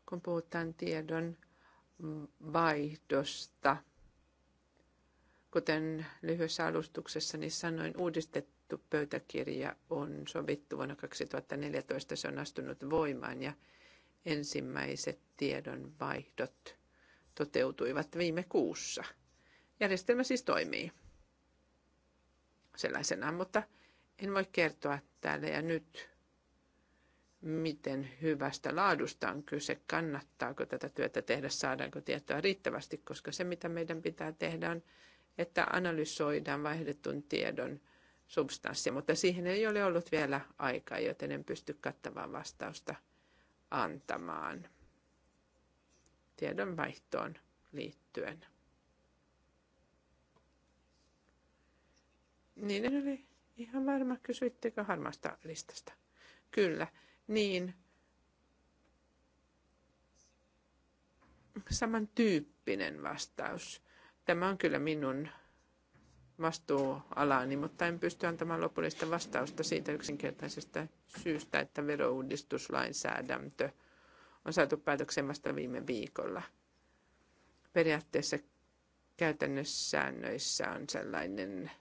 kun puhutaan tiedon vaihdosta, kuten lyhyessä alustuksessani sanoin, uudistettu sovittu pöytäkirja on sovittu vuonna 2014. Se on astunut voimaan ja ensimmäiset tiedonvaihdot toteutuivat viime kuussa. Järjestelmä siis toimii sellaisenaan, mutta en voi kertoa täällä ja nyt, miten hyvästä laadusta on kyse, kannattaako tätä työtä tehdä, saadaanko tietoa riittävästi, koska se mitä meidän pitää tehdä on, että analysoidaan vaihdetun tiedon – substanssi, mutta siihen ei ole ollut vielä aikaa, joten en pysty kattavaa vastausta antamaan tiedonvaihtoon liittyen. Niin en ole ihan varma, kysyittekö harmasta listasta. Kyllä, niin samantyyppinen vastaus. Tämä on kyllä minun vastuualaani, niin, mutta en pysty antamaan lopullista vastausta siitä yksinkertaisesta syystä, että verouudistuslainsäädäntö on saatu päätökseen vasta viime viikolla. Periaatteessa käytännössä säännöissä on sellainen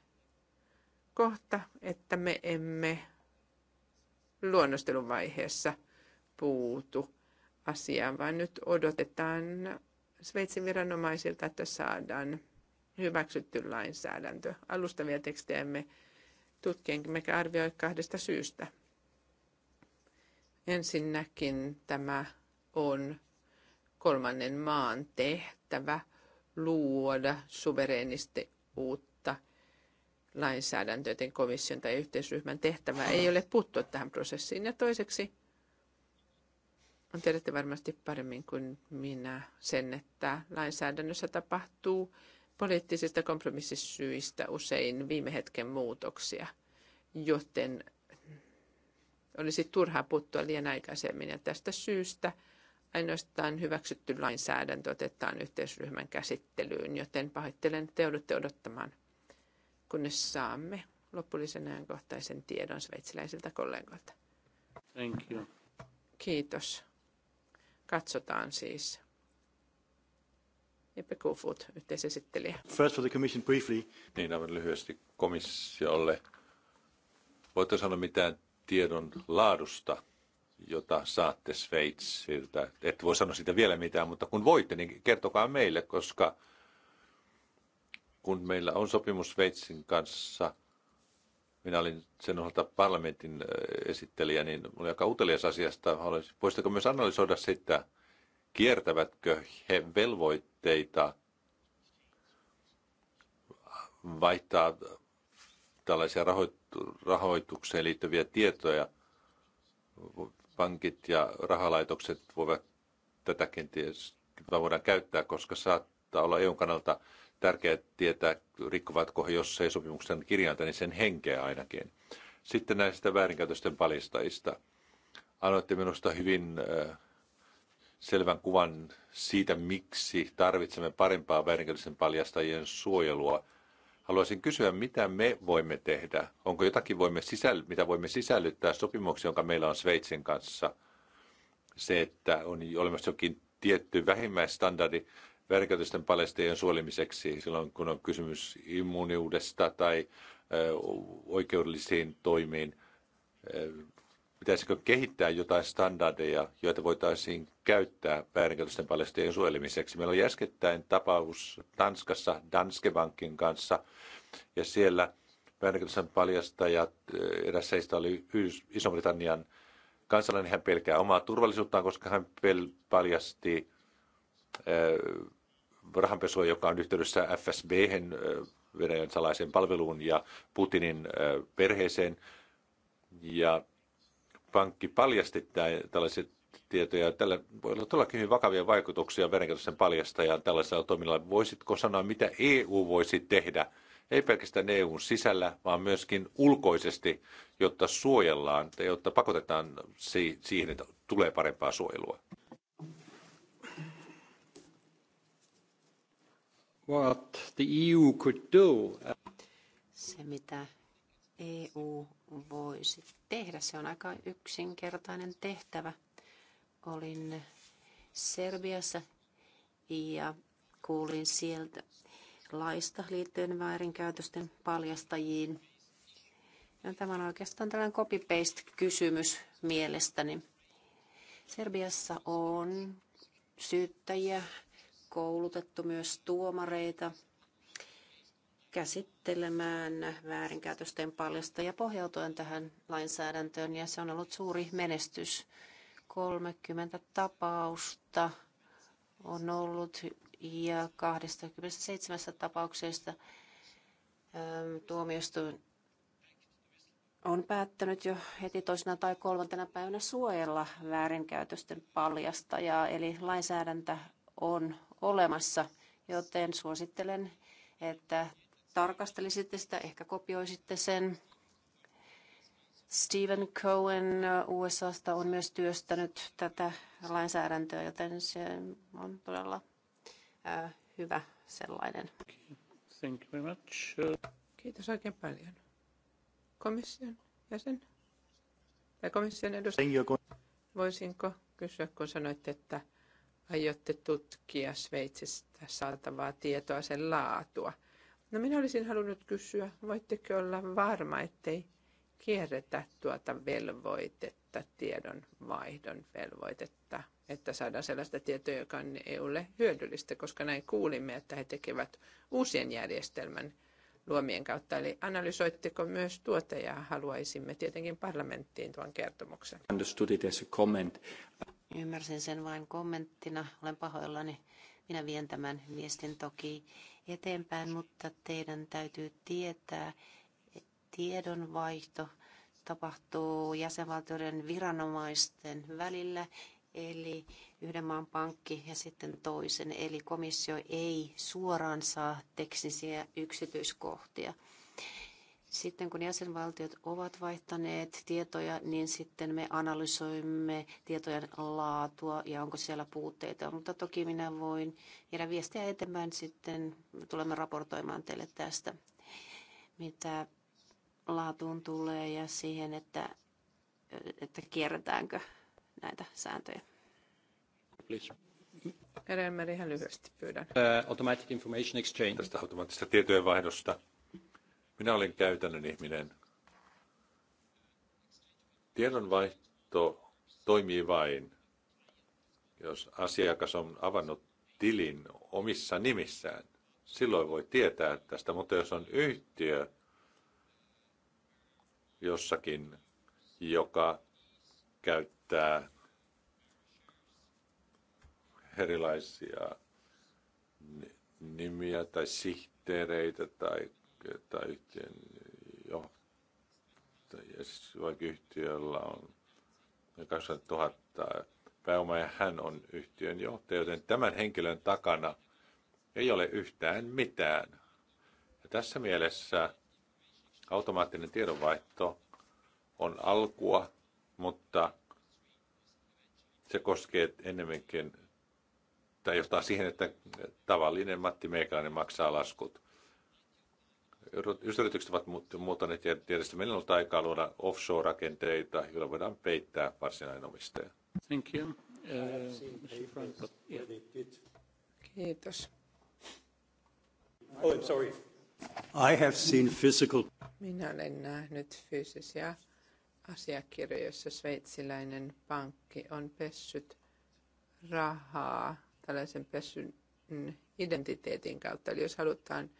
kohta, että me emme luonnosteluvaiheessa puutu asiaan, vaan nyt odotetaan Sveitsin viranomaisilta, että saadaan hyväksytty lainsäädäntö. Alustavia tekstejämme tutkimme arvioi kahdesta syystä. Ensinnäkin tämä on kolmannen maan tehtävä luoda suvereenisti uutta lainsäädäntöä, joten komission tai yhteisryhmän tehtävä ei ole puuttua tähän prosessiin. Ja toiseksi on tiedätte varmasti paremmin kuin minä sen, että lainsäädännössä tapahtuu poliittisista kompromissisyistä usein viime hetken muutoksia, joten olisi turhaa puuttua liian aikaisemmin. Ja tästä syystä ainoastaan hyväksytty lainsäädäntö otetaan yhteisryhmän käsittelyyn, joten pahoittelen, että joudutte odottamaan, kunnes saamme lopullisen ajankohtaisen tiedon sveitsiläisiltä kollegoilta. Thank you. Kiitos. Katsotaan siis. Jeppe Kofod, yhteisesittelijä. First for the commission briefly. Niin, aivan lyhyesti komissiolle. Voitte sanoa mitään tiedon laadusta, jota saatte Sveitsiltä. Et voi sanoa siitä vielä mitään, mutta kun voitte, niin kertokaa meille, koska kun meillä on sopimus Sveitsin kanssa, minä olin sen osalta parlamentin äh, esittelijä, niin oli aika utelias asiasta. Voisitteko myös analysoida sitä, kiertävätkö he velvoitteita vaihtaa tällaisia rahoitukseen liittyviä tietoja. Pankit ja rahalaitokset voivat tätä kenties voidaan käyttää, koska saattaa olla EUn kannalta tärkeää tietää, rikkovatko he, jos ei sopimuksen kirjainta, niin sen henkeä ainakin. Sitten näistä väärinkäytösten paljastajista. Annoitte minusta hyvin äh, selvän kuvan siitä, miksi tarvitsemme parempaa väärinkäytösten paljastajien suojelua. Haluaisin kysyä, mitä me voimme tehdä? Onko jotakin, voimme sisäll- mitä voimme sisällyttää sopimuksiin, jonka meillä on Sveitsin kanssa? Se, että on olemassa jokin tietty vähimmäistandardi väärinkäytösten paljastajien suolimiseksi, silloin kun on kysymys immuniudesta tai oikeudellisiin toimiin Pitäisikö kehittää jotain standardeja, joita voitaisiin käyttää väärinkäytösten paljastajien suojelemiseksi? Meillä oli äskettäin tapaus Tanskassa Danske Bankin kanssa, ja siellä väärinkäytösten paljastajat, eh, eräs seistä oli Iso-Britannian kansalainen, hän pelkää omaa turvallisuuttaan, koska hän pel- paljasti eh, rahanpesua, joka on yhteydessä FSB, eh, Venäjän salaiseen palveluun ja Putinin perheeseen. Ja pankki paljasti tällaiset tietoja. Tällä voi olla todellakin hyvin vakavia vaikutuksia verenkäytöksen paljastajan tällaisella toiminnalla. Voisitko sanoa, mitä EU voisi tehdä, ei pelkästään EUn sisällä, vaan myöskin ulkoisesti, jotta suojellaan ja jotta pakotetaan siihen, että tulee parempaa suojelua? What the EU could do. Uh Se, mitä EU voisi tehdä. Se on aika yksinkertainen tehtävä. Olin Serbiassa ja kuulin sieltä laista liittyen väärinkäytösten paljastajiin. Ja tämä on oikeastaan tällainen copy-paste-kysymys mielestäni. Serbiassa on syyttäjiä, koulutettu myös tuomareita – käsittelemään väärinkäytösten paljasta ja pohjautuen tähän lainsäädäntöön ja se on ollut suuri menestys. 30 tapausta on ollut ja 27 tapauksesta ähm, tuomioistuin on päättänyt jo heti toisena tai kolmantena päivänä suojella väärinkäytösten paljasta, ja eli lainsäädäntö on olemassa, joten suosittelen, että tarkastelisitte sitä, ehkä kopioisitte sen. Stephen Cohen uh, USAsta on myös työstänyt tätä lainsäädäntöä, joten se on todella uh, hyvä sellainen. Thank you very much. Kiitos oikein paljon. Komission jäsen tai komission edustaja. Voisinko kysyä, kun sanoitte, että aiotte tutkia Sveitsistä saatavaa tietoa, sen laatua – No minä olisin halunnut kysyä, voitteko olla varma, ettei kierretä tuota velvoitetta, tiedon vaihdon velvoitetta, että saadaan sellaista tietoa, joka on EUlle hyödyllistä, koska näin kuulimme, että he tekevät uusien järjestelmän luomien kautta. Eli analysoitteko myös tuota ja haluaisimme tietenkin parlamenttiin tuon kertomuksen. Understood it as a comment. Ymmärsin sen vain kommenttina. Olen pahoillani. Minä vien tämän viestin toki eteenpäin, mutta teidän täytyy tietää, tiedonvaihto tapahtuu jäsenvaltioiden viranomaisten välillä, eli yhden maan pankki ja sitten toisen. Eli komissio ei suoraan saa teknisiä yksityiskohtia. Sitten kun jäsenvaltiot ovat vaihtaneet tietoja, niin sitten me analysoimme tietojen laatua ja onko siellä puutteita. Mutta toki minä voin viedä viestiä eteenpäin, sitten tulemme raportoimaan teille tästä, mitä laatuun tulee ja siihen, että, että kierretäänkö näitä sääntöjä. Please. Edelleen ihan lyhyesti pyydän. Uh, automatic information exchange. Tästä automaattisesta tietojenvaihdosta minä olen käytännön ihminen. Tiedonvaihto toimii vain, jos asiakas on avannut tilin omissa nimissään. Silloin voi tietää tästä, mutta jos on yhtiö jossakin, joka käyttää erilaisia nimiä tai sihteereitä tai tai yhtiön johtaja, siis vaikka yhtiöllä on 20 000 pääoma ja hän on yhtiön johtaja, joten tämän henkilön takana ei ole yhtään mitään. Ja tässä mielessä automaattinen tiedonvaihto on alkua, mutta se koskee enemmänkin tai johtaa siihen, että tavallinen Matti Meikäläinen maksaa laskut. Jos yritykset ovat muuttaneet tietysti. meillä on ollut aikaa luoda offshore-rakenteita, joilla voidaan peittää varsinainen omistaja. Thank you. Uh, Kiitos. Oh, I'm sorry. I have seen physical... Minä olen nähnyt fyysisiä asiakirjoja, joissa sveitsiläinen pankki on pessyt rahaa tällaisen pesyn identiteetin kautta. Eli jos halutaan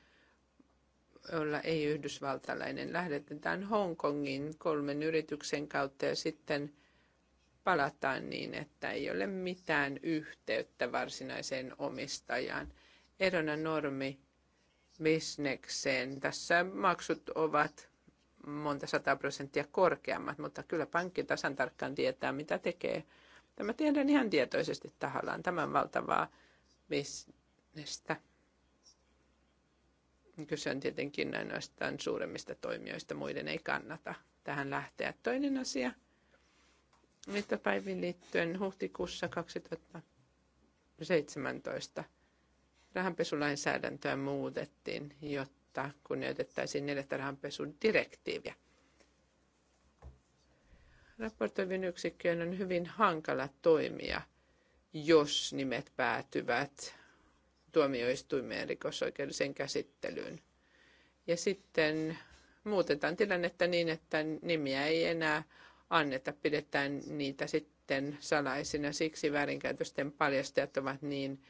jolla ei yhdysvaltalainen lähdetään Hongkongin kolmen yrityksen kautta ja sitten palataan niin, että ei ole mitään yhteyttä varsinaiseen omistajaan. Erona normi bisnekseen. Tässä maksut ovat monta sataa prosenttia korkeammat, mutta kyllä pankki tasan tarkkaan tietää, mitä tekee. Tämä tehdään ihan tietoisesti tahallaan. Tämän valtavaa bisnestä. Kyse on tietenkin ainoastaan suuremmista toimijoista, muiden ei kannata tähän lähteä. Toinen asia, mittapäivin liittyen huhtikuussa 2017 rahanpesulainsäädäntöä muutettiin, jotta kunnioitettaisiin neljättä rahanpesudirektiiviä. Raportoivien yksikköjen on hyvin hankala toimia, jos nimet päätyvät tuomioistuimeen rikosoikeudelliseen käsittelyyn. Ja sitten muutetaan tilannetta niin, että nimiä ei enää anneta, pidetään niitä sitten salaisina. Siksi väärinkäytösten paljastajat ovat niin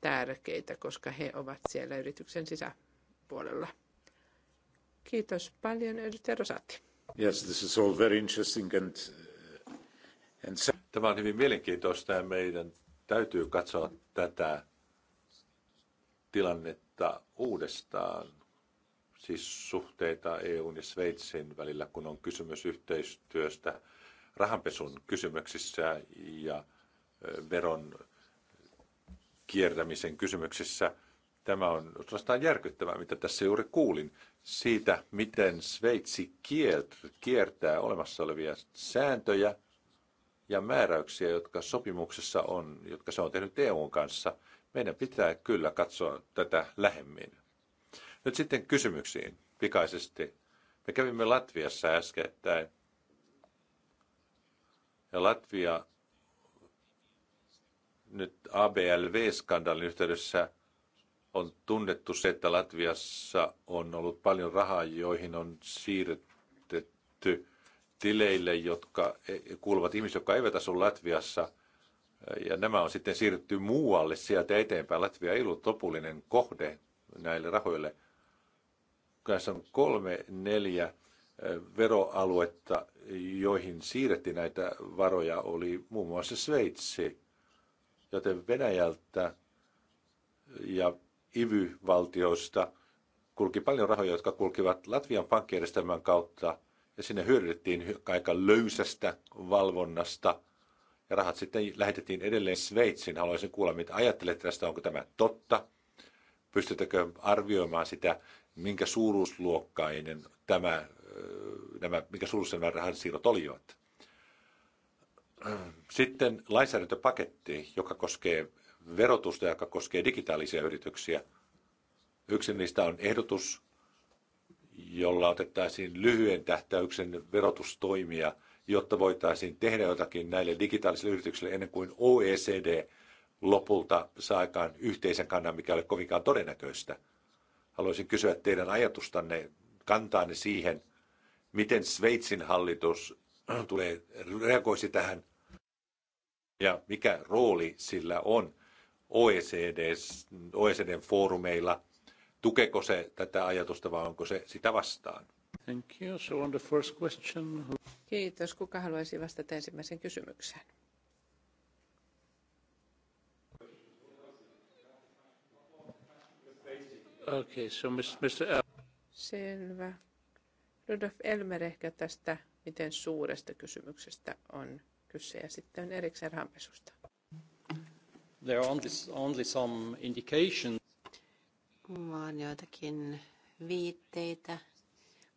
tärkeitä, koska he ovat siellä yrityksen sisäpuolella. Kiitos paljon, edustaja Rosati. Yes, this is all very interesting and, uh, and... Tämä on hyvin mielenkiintoista ja meidän täytyy katsoa tätä tilannetta uudestaan, siis suhteita EUn ja Sveitsin välillä, kun on kysymys yhteistyöstä rahanpesun kysymyksissä ja veron kiertämisen kysymyksissä. Tämä on suorastaan järkyttävää, mitä tässä juuri kuulin, siitä, miten Sveitsi kiertää olemassa olevia sääntöjä ja määräyksiä, jotka sopimuksessa on, jotka se on tehnyt EUn kanssa – meidän pitää kyllä katsoa tätä lähemmin. Nyt sitten kysymyksiin pikaisesti. Me kävimme Latviassa äskettäin. Ja Latvia nyt ABLV-skandaalin yhteydessä on tunnettu se, että Latviassa on ollut paljon rahaa, joihin on siirretty tileille, jotka e-, kuuluvat ihmiset, jotka eivät asu Latviassa. Ja nämä on sitten siirretty muualle sieltä eteenpäin. Latvia ei ollut lopullinen kohde näille rahoille. Kanssa on kolme, neljä veroaluetta, joihin siirrettiin näitä varoja, oli muun muassa Sveitsi. Joten Venäjältä ja IVY-valtioista kulki paljon rahoja, jotka kulkivat Latvian pankkijärjestelmän kautta, ja sinne hyödyttiin aika löysästä valvonnasta – ja rahat sitten lähetettiin edelleen Sveitsiin. Haluaisin kuulla, mitä ajattelette tästä, onko tämä totta? pystytkö arvioimaan sitä, minkä suuruusluokkainen tämä, nämä, minkä suuruisen nämä rahansiirrot olivat? Sitten lainsäädäntöpaketti, joka koskee verotusta, joka koskee digitaalisia yrityksiä. Yksi niistä on ehdotus, jolla otettaisiin lyhyen tähtäyksen verotustoimia – jotta voitaisiin tehdä jotakin näille digitaalisille yrityksille ennen kuin OECD lopulta saa aikaan yhteisen kannan, mikä ei kovinkaan todennäköistä. Haluaisin kysyä teidän ajatustanne, kantaanne siihen, miten Sveitsin hallitus tulee, reagoisi tähän ja mikä rooli sillä on OECD, OECDn foorumeilla. Tukeeko se tätä ajatusta vai onko se sitä vastaan? Thank you. So on the first question... Kiitos. Kuka haluaisi vastata ensimmäiseen kysymykseen? Okay, so Mr. El- Selvä. Rudolf Elmer ehkä tästä, miten suuresta kysymyksestä on kyse, ja sitten erikseen rahanpesusta. There are only, only some indications. Vaan joitakin viitteitä,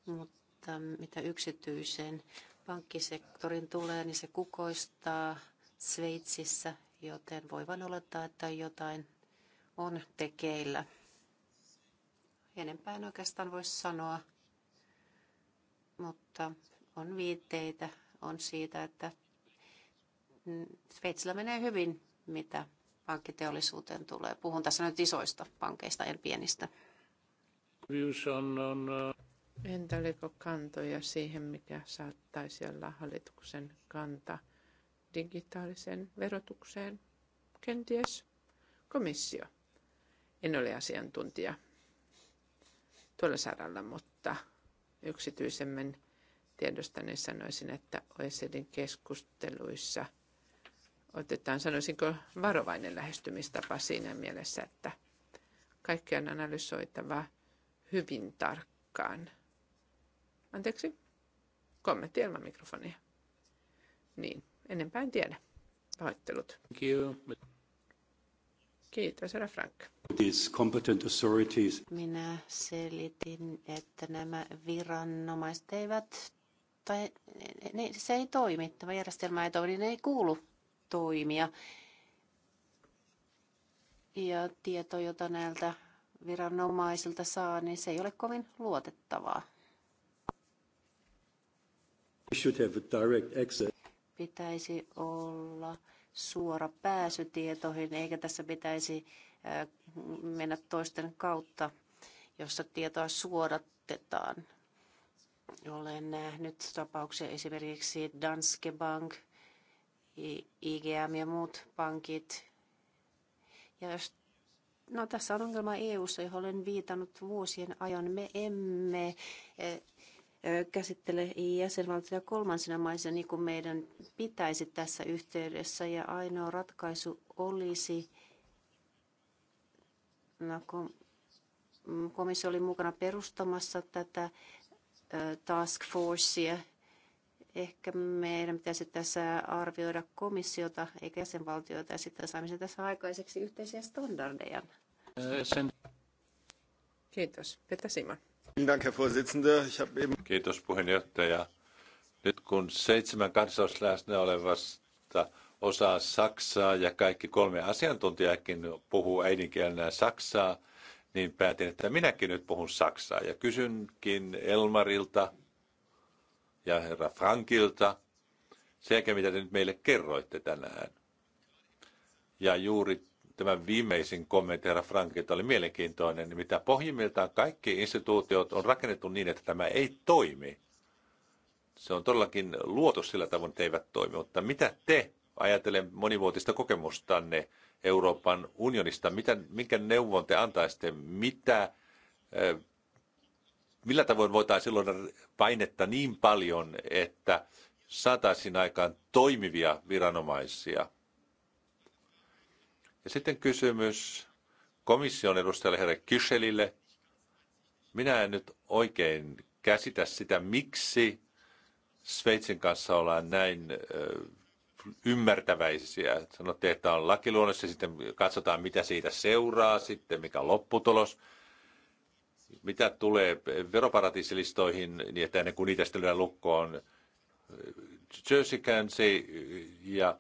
mutta mitä yksityiseen pankkisektorin tulee, niin se kukoistaa Sveitsissä, joten voi vain olettaa, että jotain on tekeillä. Enempää en oikeastaan voi sanoa, mutta on viitteitä, on siitä, että Sveitsillä menee hyvin, mitä pankkiteollisuuteen tulee. Puhun tässä nyt isoista pankeista, en pienistä. On, on, Entä oliko kantoja siihen, mikä saattaisi olla hallituksen kanta digitaaliseen verotukseen? Kenties komissio. En ole asiantuntija tuolla saralla, mutta yksityisemmin tiedostani sanoisin, että OECDn keskusteluissa otetaan, sanoisinko, varovainen lähestymistapa siinä mielessä, että kaikki on analysoitava hyvin tarkkaan – Anteeksi? Kommentti ilman mikrofonia. Niin, enempää en tiedä. Pahoittelut. Thank you. Kiitos, herra Frank. These competent authorities. Minä selitin, että nämä viranomaiset eivät, tai ne, se ei toimi, tämä järjestelmä ei toimi, ne ei kuulu toimia. Ja tieto, jota näiltä viranomaisilta saa, niin se ei ole kovin luotettavaa. Pitäisi olla suora pääsy tietoihin, eikä tässä pitäisi mennä toisten kautta, jossa tietoa suodattetaan. Olen nähnyt tapauksia esimerkiksi Danske Bank, IGM ja muut pankit. Ja jos, no, tässä on ongelma EU-ssa, johon olen viitannut vuosien ajan. Me emme käsittele jäsenvaltioita kolmansina maissa, niin kuin meidän pitäisi tässä yhteydessä. Ja ainoa ratkaisu olisi, no, komissio oli mukana perustamassa tätä task forcea. Ehkä meidän pitäisi tässä arvioida komissiota eikä jäsenvaltioita ja sitten saamisen tässä aikaiseksi yhteisiä standardeja. Kiitos. Petä Simon. Kiitos puheenjohtaja. Nyt kun seitsemän kansallisläsnä olevasta osaa saksaa ja kaikki kolme asiantuntijakin puhuu äidinkielenä saksaa, niin päätin, että minäkin nyt puhun saksaa. Ja kysynkin Elmarilta ja herra Frankilta sekä mitä te nyt meille kerroitte tänään. Ja juuri tämä viimeisin kommentti herra Frankilta oli mielenkiintoinen, niin mitä pohjimmiltaan kaikki instituutiot on rakennettu niin, että tämä ei toimi. Se on todellakin luotu sillä tavoin, että eivät toimi. Mutta mitä te, ajatellen monivuotista kokemustanne Euroopan unionista, mitä, minkä neuvon te antaisitte, mitä, eh, millä tavoin voitaisiin luoda painetta niin paljon, että saataisiin aikaan toimivia viranomaisia – ja sitten kysymys komission edustajalle herra Kyselille. Minä en nyt oikein käsitä sitä, miksi Sveitsin kanssa ollaan näin ymmärtäväisiä. Sanotte, että on lakiluonnos ja sitten katsotaan, mitä siitä seuraa sitten, mikä on lopputulos. Mitä tulee veroparatiisilistoihin, niin että ennen kuin niitä sitten lukkoon, Jersey Cansi ja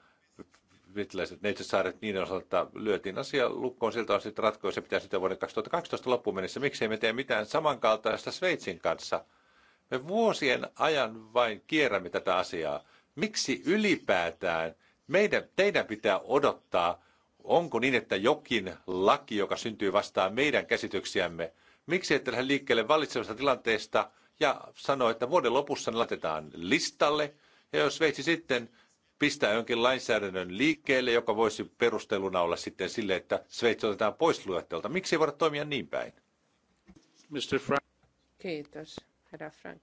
brittiläiset neitsesaaret niiden osalta lyötiin asia lukkoon siltä on sitten ratkoi, se pitää sitten vuoden 2012 loppuun mennessä. Miksei me tee mitään samankaltaista Sveitsin kanssa? Me vuosien ajan vain kierrämme tätä asiaa. Miksi ylipäätään meidän, teidän pitää odottaa, onko niin, että jokin laki, joka syntyy vastaan meidän käsityksiämme, miksi ette lähde liikkeelle vallitsevasta tilanteesta ja sano, että vuoden lopussa ne laitetaan listalle, ja jos Sveitsi sitten pistää jonkin lainsäädännön liikkeelle, joka voisi perusteluna olla sitten sille, että Sveitsi otetaan pois luettelta. Miksi ei voida toimia niin päin? Mr. Frank. Kiitos. Herra Frank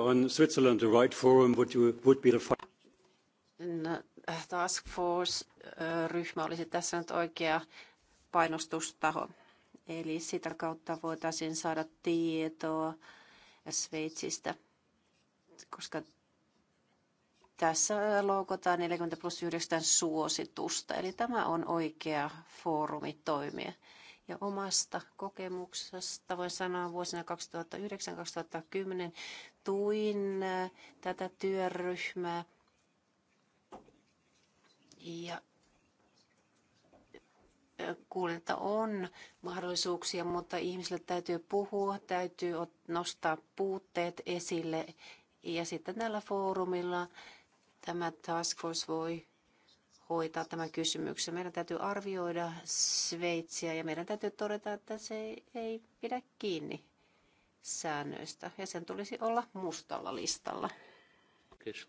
on Switzerland, the right forum would, you, would be the... No, äh, task Force-ryhmä äh, olisi tässä nyt oikea painostustaho. Eli sitä kautta voitaisiin saada tietoa Sveitsistä, koska tässä loukotaan 40 plus 9 suositusta, eli tämä on oikea foorumi toimia. Ja omasta kokemuksesta voin sanoa vuosina 2009-2010 tuin tätä työryhmää. Ja kuulin, että on mahdollisuuksia, mutta ihmisille täytyy puhua, täytyy nostaa puutteet esille. Ja sitten tällä foorumilla tämä task force voi hoitaa tämän kysymyksen. Meidän täytyy arvioida Sveitsiä ja meidän täytyy todeta, että se ei pidä kiinni säännöistä ja sen tulisi olla mustalla listalla. Kiitos.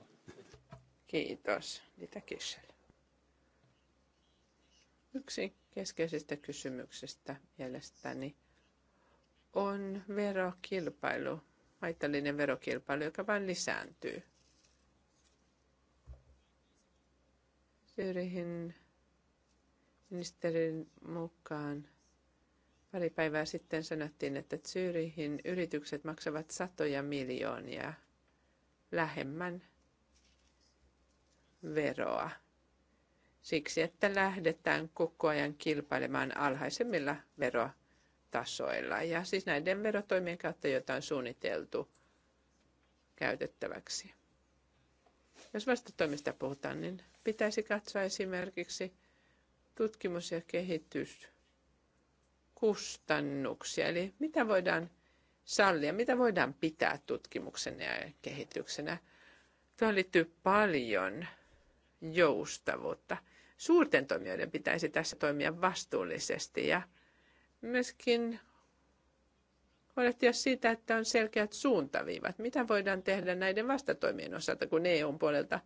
Kiitos. Mitä Yksi keskeisistä kysymyksistä mielestäni on verokilpailu, haitallinen verokilpailu, joka vain lisääntyy. Syyrihin ministerin mukaan pari päivää sitten sanottiin, että Syyrihin yritykset maksavat satoja miljoonia lähemmän veroa. Siksi, että lähdetään koko ajan kilpailemaan alhaisemmilla verotasoilla. Ja siis näiden verotoimien kautta, joita on suunniteltu käytettäväksi. Jos vastatoimista puhutaan, niin pitäisi katsoa esimerkiksi tutkimus- ja kehityskustannuksia. Eli mitä voidaan sallia, mitä voidaan pitää tutkimuksen ja kehityksenä. Tuohon liittyy paljon joustavuutta. Suurten toimijoiden pitäisi tässä toimia vastuullisesti ja myöskin huolehtia siitä, että on selkeät suuntaviivat. Mitä voidaan tehdä näiden vastatoimien osalta, kun EUn puolelta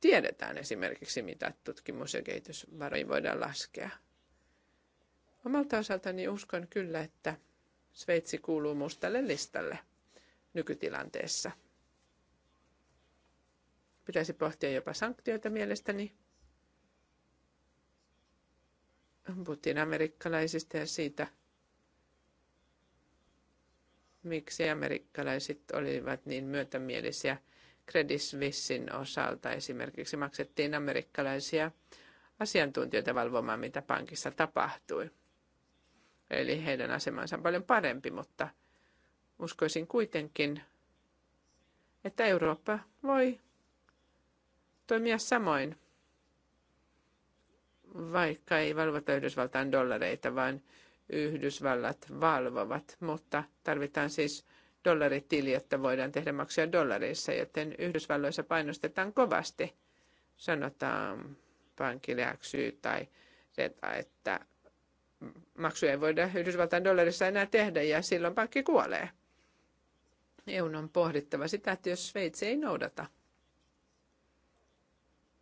tiedetään esimerkiksi, mitä tutkimus- ja kehitysvaroihin voidaan laskea. Omalta osaltani uskon kyllä, että Sveitsi kuuluu mustalle listalle nykytilanteessa. Pitäisi pohtia jopa sanktioita mielestäni. Puhuttiin amerikkalaisista ja siitä, miksi amerikkalaiset olivat niin myötämielisiä. Credit Suissein osalta esimerkiksi maksettiin amerikkalaisia asiantuntijoita valvomaan, mitä pankissa tapahtui. Eli heidän asemansa on paljon parempi, mutta uskoisin kuitenkin, että Eurooppa voi toimia samoin, vaikka ei valvota Yhdysvaltain dollareita, vaan Yhdysvallat valvovat, mutta tarvitaan siis dollaritili, jotta voidaan tehdä maksuja dollareissa, joten Yhdysvalloissa painostetaan kovasti, sanotaan pankille XY tai Z, että maksuja ei voida Yhdysvaltain dollarissa enää tehdä ja silloin pankki kuolee. EU on pohdittava sitä, että jos Sveitsi ei noudata,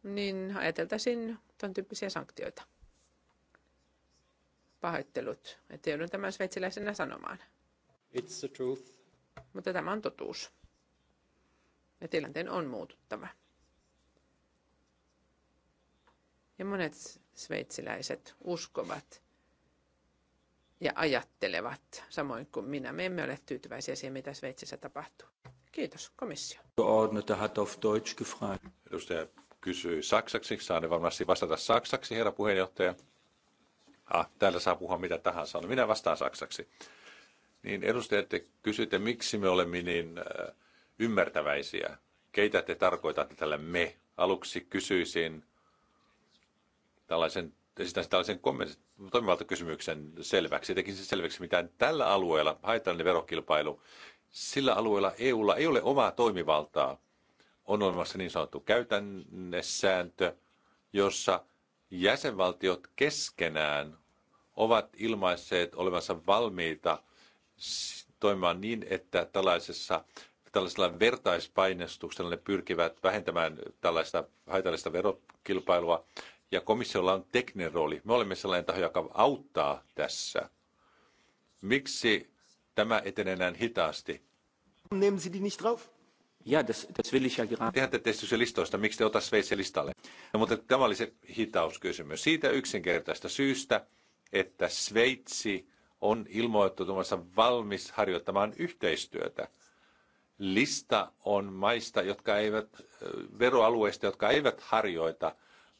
niin ajateltaisiin tuon tyyppisiä sanktioita. Pahoittelut, että joudun tämän sveitsiläisenä sanomaan. It's the truth. Mutta tämä on totuus. Ja tilanteen on muututtava. Ja monet sveitsiläiset uskovat ja ajattelevat, samoin kuin minä. Me emme ole tyytyväisiä siihen, mitä Sveitsissä tapahtuu. Kiitos, komissio. Edustaja kysyi saksaksi. Saan varmasti vastata saksaksi, herra puheenjohtaja ah, täällä saa puhua mitä tahansa, no minä vastaan saksaksi. Niin edustajat, te kysytte, miksi me olemme niin äh, ymmärtäväisiä. Keitä te tarkoitatte tällä me? Aluksi kysyisin tällaisen, esitän tällaisen toimivalta kysymyksen selväksi. tekin se selväksi, mitä tällä alueella haitallinen verokilpailu, sillä alueella EUlla ei ole omaa toimivaltaa. On olemassa niin sanottu käytännessääntö, jossa jäsenvaltiot keskenään ovat ilmaisseet olevansa valmiita toimimaan niin, että tällaisessa tällaisella vertaispainestuksella ne pyrkivät vähentämään tällaista haitallista verokilpailua. Ja komissiolla on tekninen rooli. Me olemme sellainen taho, joka auttaa tässä. Miksi tämä etenee näin hitaasti? Nehmen Sie die nicht drauf? Ja, das, das will ich ja gerade. Tehän te testys listoista, miksi te ota Sveitsin listalle? No, mutta tämä oli se hitauskysymys. Siitä yksinkertaista syystä, että Sveitsi on ilmoittautumassa valmis harjoittamaan yhteistyötä. Lista on maista, jotka eivät, veroalueista, jotka eivät harjoita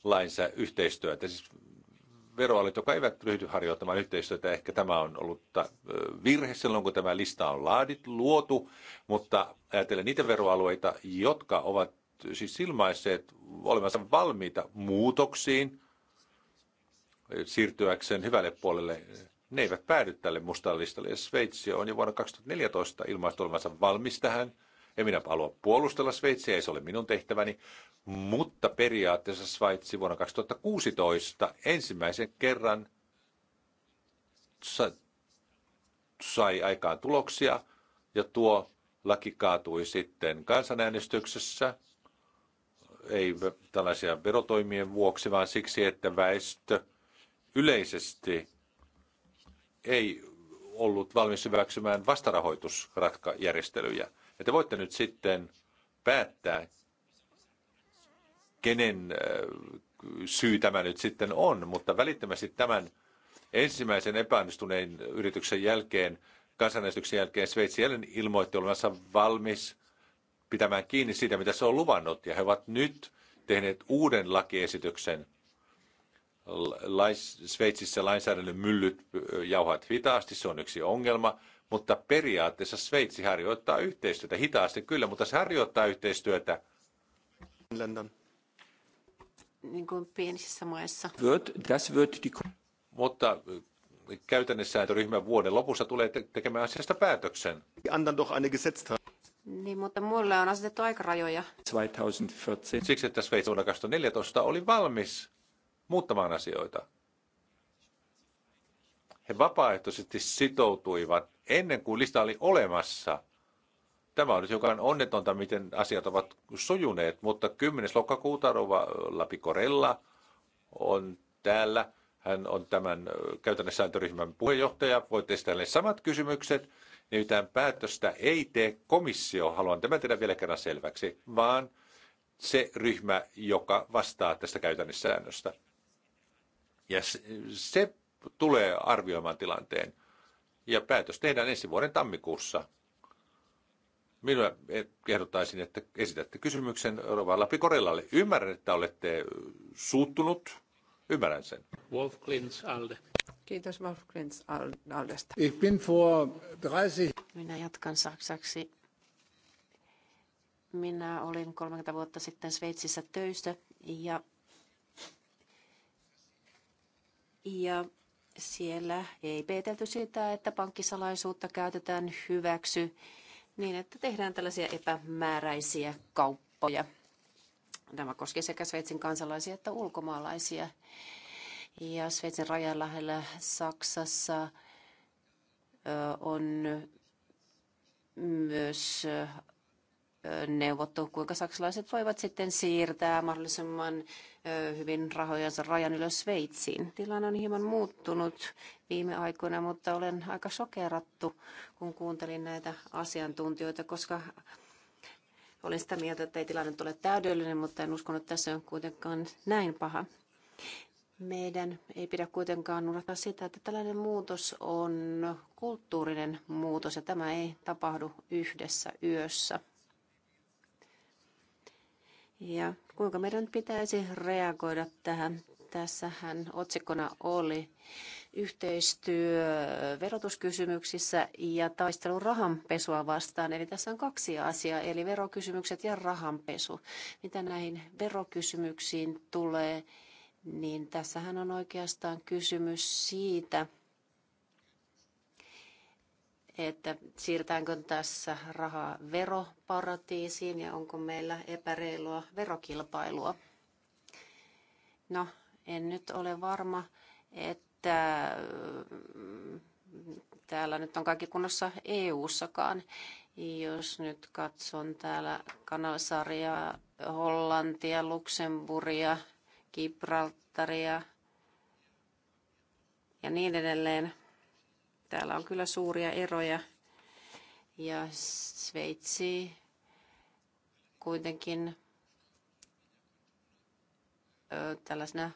lainsä yhteistyötä. Siis veroalit, joka eivät ryhdy harjoittamaan yhteistyötä. Ehkä tämä on ollut äh, virhe silloin, kun tämä lista on laadit, luotu, mutta ajatellen niitä veroalueita, jotka ovat siis ilmaisseet olemassa valmiita muutoksiin äh, siirtyäkseen hyvälle puolelle, ne eivät päädy tälle mustalle listalle. Ja Sveitsi on jo vuonna 2014 ilmaistu olemassa valmis tähän – en minä halua puolustella Sveitsiä, ei se ole minun tehtäväni, mutta periaatteessa Sveitsi vuonna 2016 ensimmäisen kerran sai aikaan tuloksia ja tuo laki kaatui sitten kansanäänestyksessä, ei tällaisia verotoimien vuoksi, vaan siksi, että väestö yleisesti ei ollut valmis hyväksymään vastarahoitusratkajärjestelyjä. Ja te voitte nyt sitten päättää, kenen äh, syy tämä nyt sitten on, mutta välittömästi tämän ensimmäisen epäonnistuneen yrityksen jälkeen, kansanäänestyksen jälkeen Sveitsi jälleen ilmoitti olevansa valmis pitämään kiinni siitä, mitä se on luvannut. Ja he ovat nyt tehneet uuden lakiesityksen. Sveitsissä lainsäädännön myllyt jauhat hitaasti, se on yksi ongelma mutta periaatteessa Sveitsi harjoittaa yhteistyötä. Hitaasti kyllä, mutta se harjoittaa yhteistyötä. Ländern. Niin kuin pienissä maissa. Wird, das wird die... Mutta äh, käytännössä ryhmän vuoden lopussa tulee te- tekemään asiasta päätöksen. doch eine niin, mutta muille on asetettu aikarajoja. 2014. Siksi, että Sveitsi vuonna 2014 oli valmis muuttamaan asioita. He vapaaehtoisesti sitoutuivat ennen kuin lista oli olemassa. Tämä on nyt hiukan onnetonta, miten asiat ovat sujuneet, mutta 10. lokakuuta Rova Lapikorella on täällä. Hän on tämän sääntöryhmän puheenjohtaja. Voitte esittää samat kysymykset. Nimittäin päätöstä ei tee komissio, haluan tämän tehdä vielä kerran selväksi, vaan se ryhmä, joka vastaa tästä säännöstä. Ja se tulee arvioimaan tilanteen. Ja päätös tehdään ensi vuoden tammikuussa. Minä ehdottaisin, että esitätte kysymyksen Rova Lapikorellalle. Ymmärrän, että olette suuttunut. Ymmärrän sen. Wolf Klins Alde. Kiitos Wolf Klins Aldesta. Ich bin vor 30... Minä jatkan saksaksi. Minä olin 30 vuotta sitten Sveitsissä töissä ja, ja siellä ei peitelty sitä, että pankkisalaisuutta käytetään hyväksy niin, että tehdään tällaisia epämääräisiä kauppoja. Tämä koskee sekä Sveitsin kansalaisia että ulkomaalaisia. Ja Sveitsin rajan lähellä Saksassa on myös neuvottu, kuinka saksalaiset voivat sitten siirtää mahdollisimman hyvin rahojansa rajan ylös Sveitsiin. Tilanne on hieman muuttunut viime aikoina, mutta olen aika sokerattu, kun kuuntelin näitä asiantuntijoita, koska olen sitä mieltä, että ei tilanne ole täydellinen, mutta en uskonut, että tässä on kuitenkaan näin paha. Meidän ei pidä kuitenkaan unohtaa sitä, että tällainen muutos on kulttuurinen muutos ja tämä ei tapahdu yhdessä yössä. Ja kuinka meidän pitäisi reagoida tähän? Tässähän otsikkona oli yhteistyö verotuskysymyksissä ja taistelu rahanpesua vastaan. Eli tässä on kaksi asiaa, eli verokysymykset ja rahanpesu. Mitä näihin verokysymyksiin tulee, niin tässähän on oikeastaan kysymys siitä, että siirretäänkö tässä rahaa veroparatiisiin ja onko meillä epäreilua verokilpailua. No, en nyt ole varma, että mm, täällä nyt on kaikki kunnossa EU-sakaan. Jos nyt katson täällä kanalsarjaa, Hollantia, Luxemburgia, Gibraltaria ja niin edelleen, Täällä on kyllä suuria eroja. Ja Sveitsi kuitenkin tällaisena,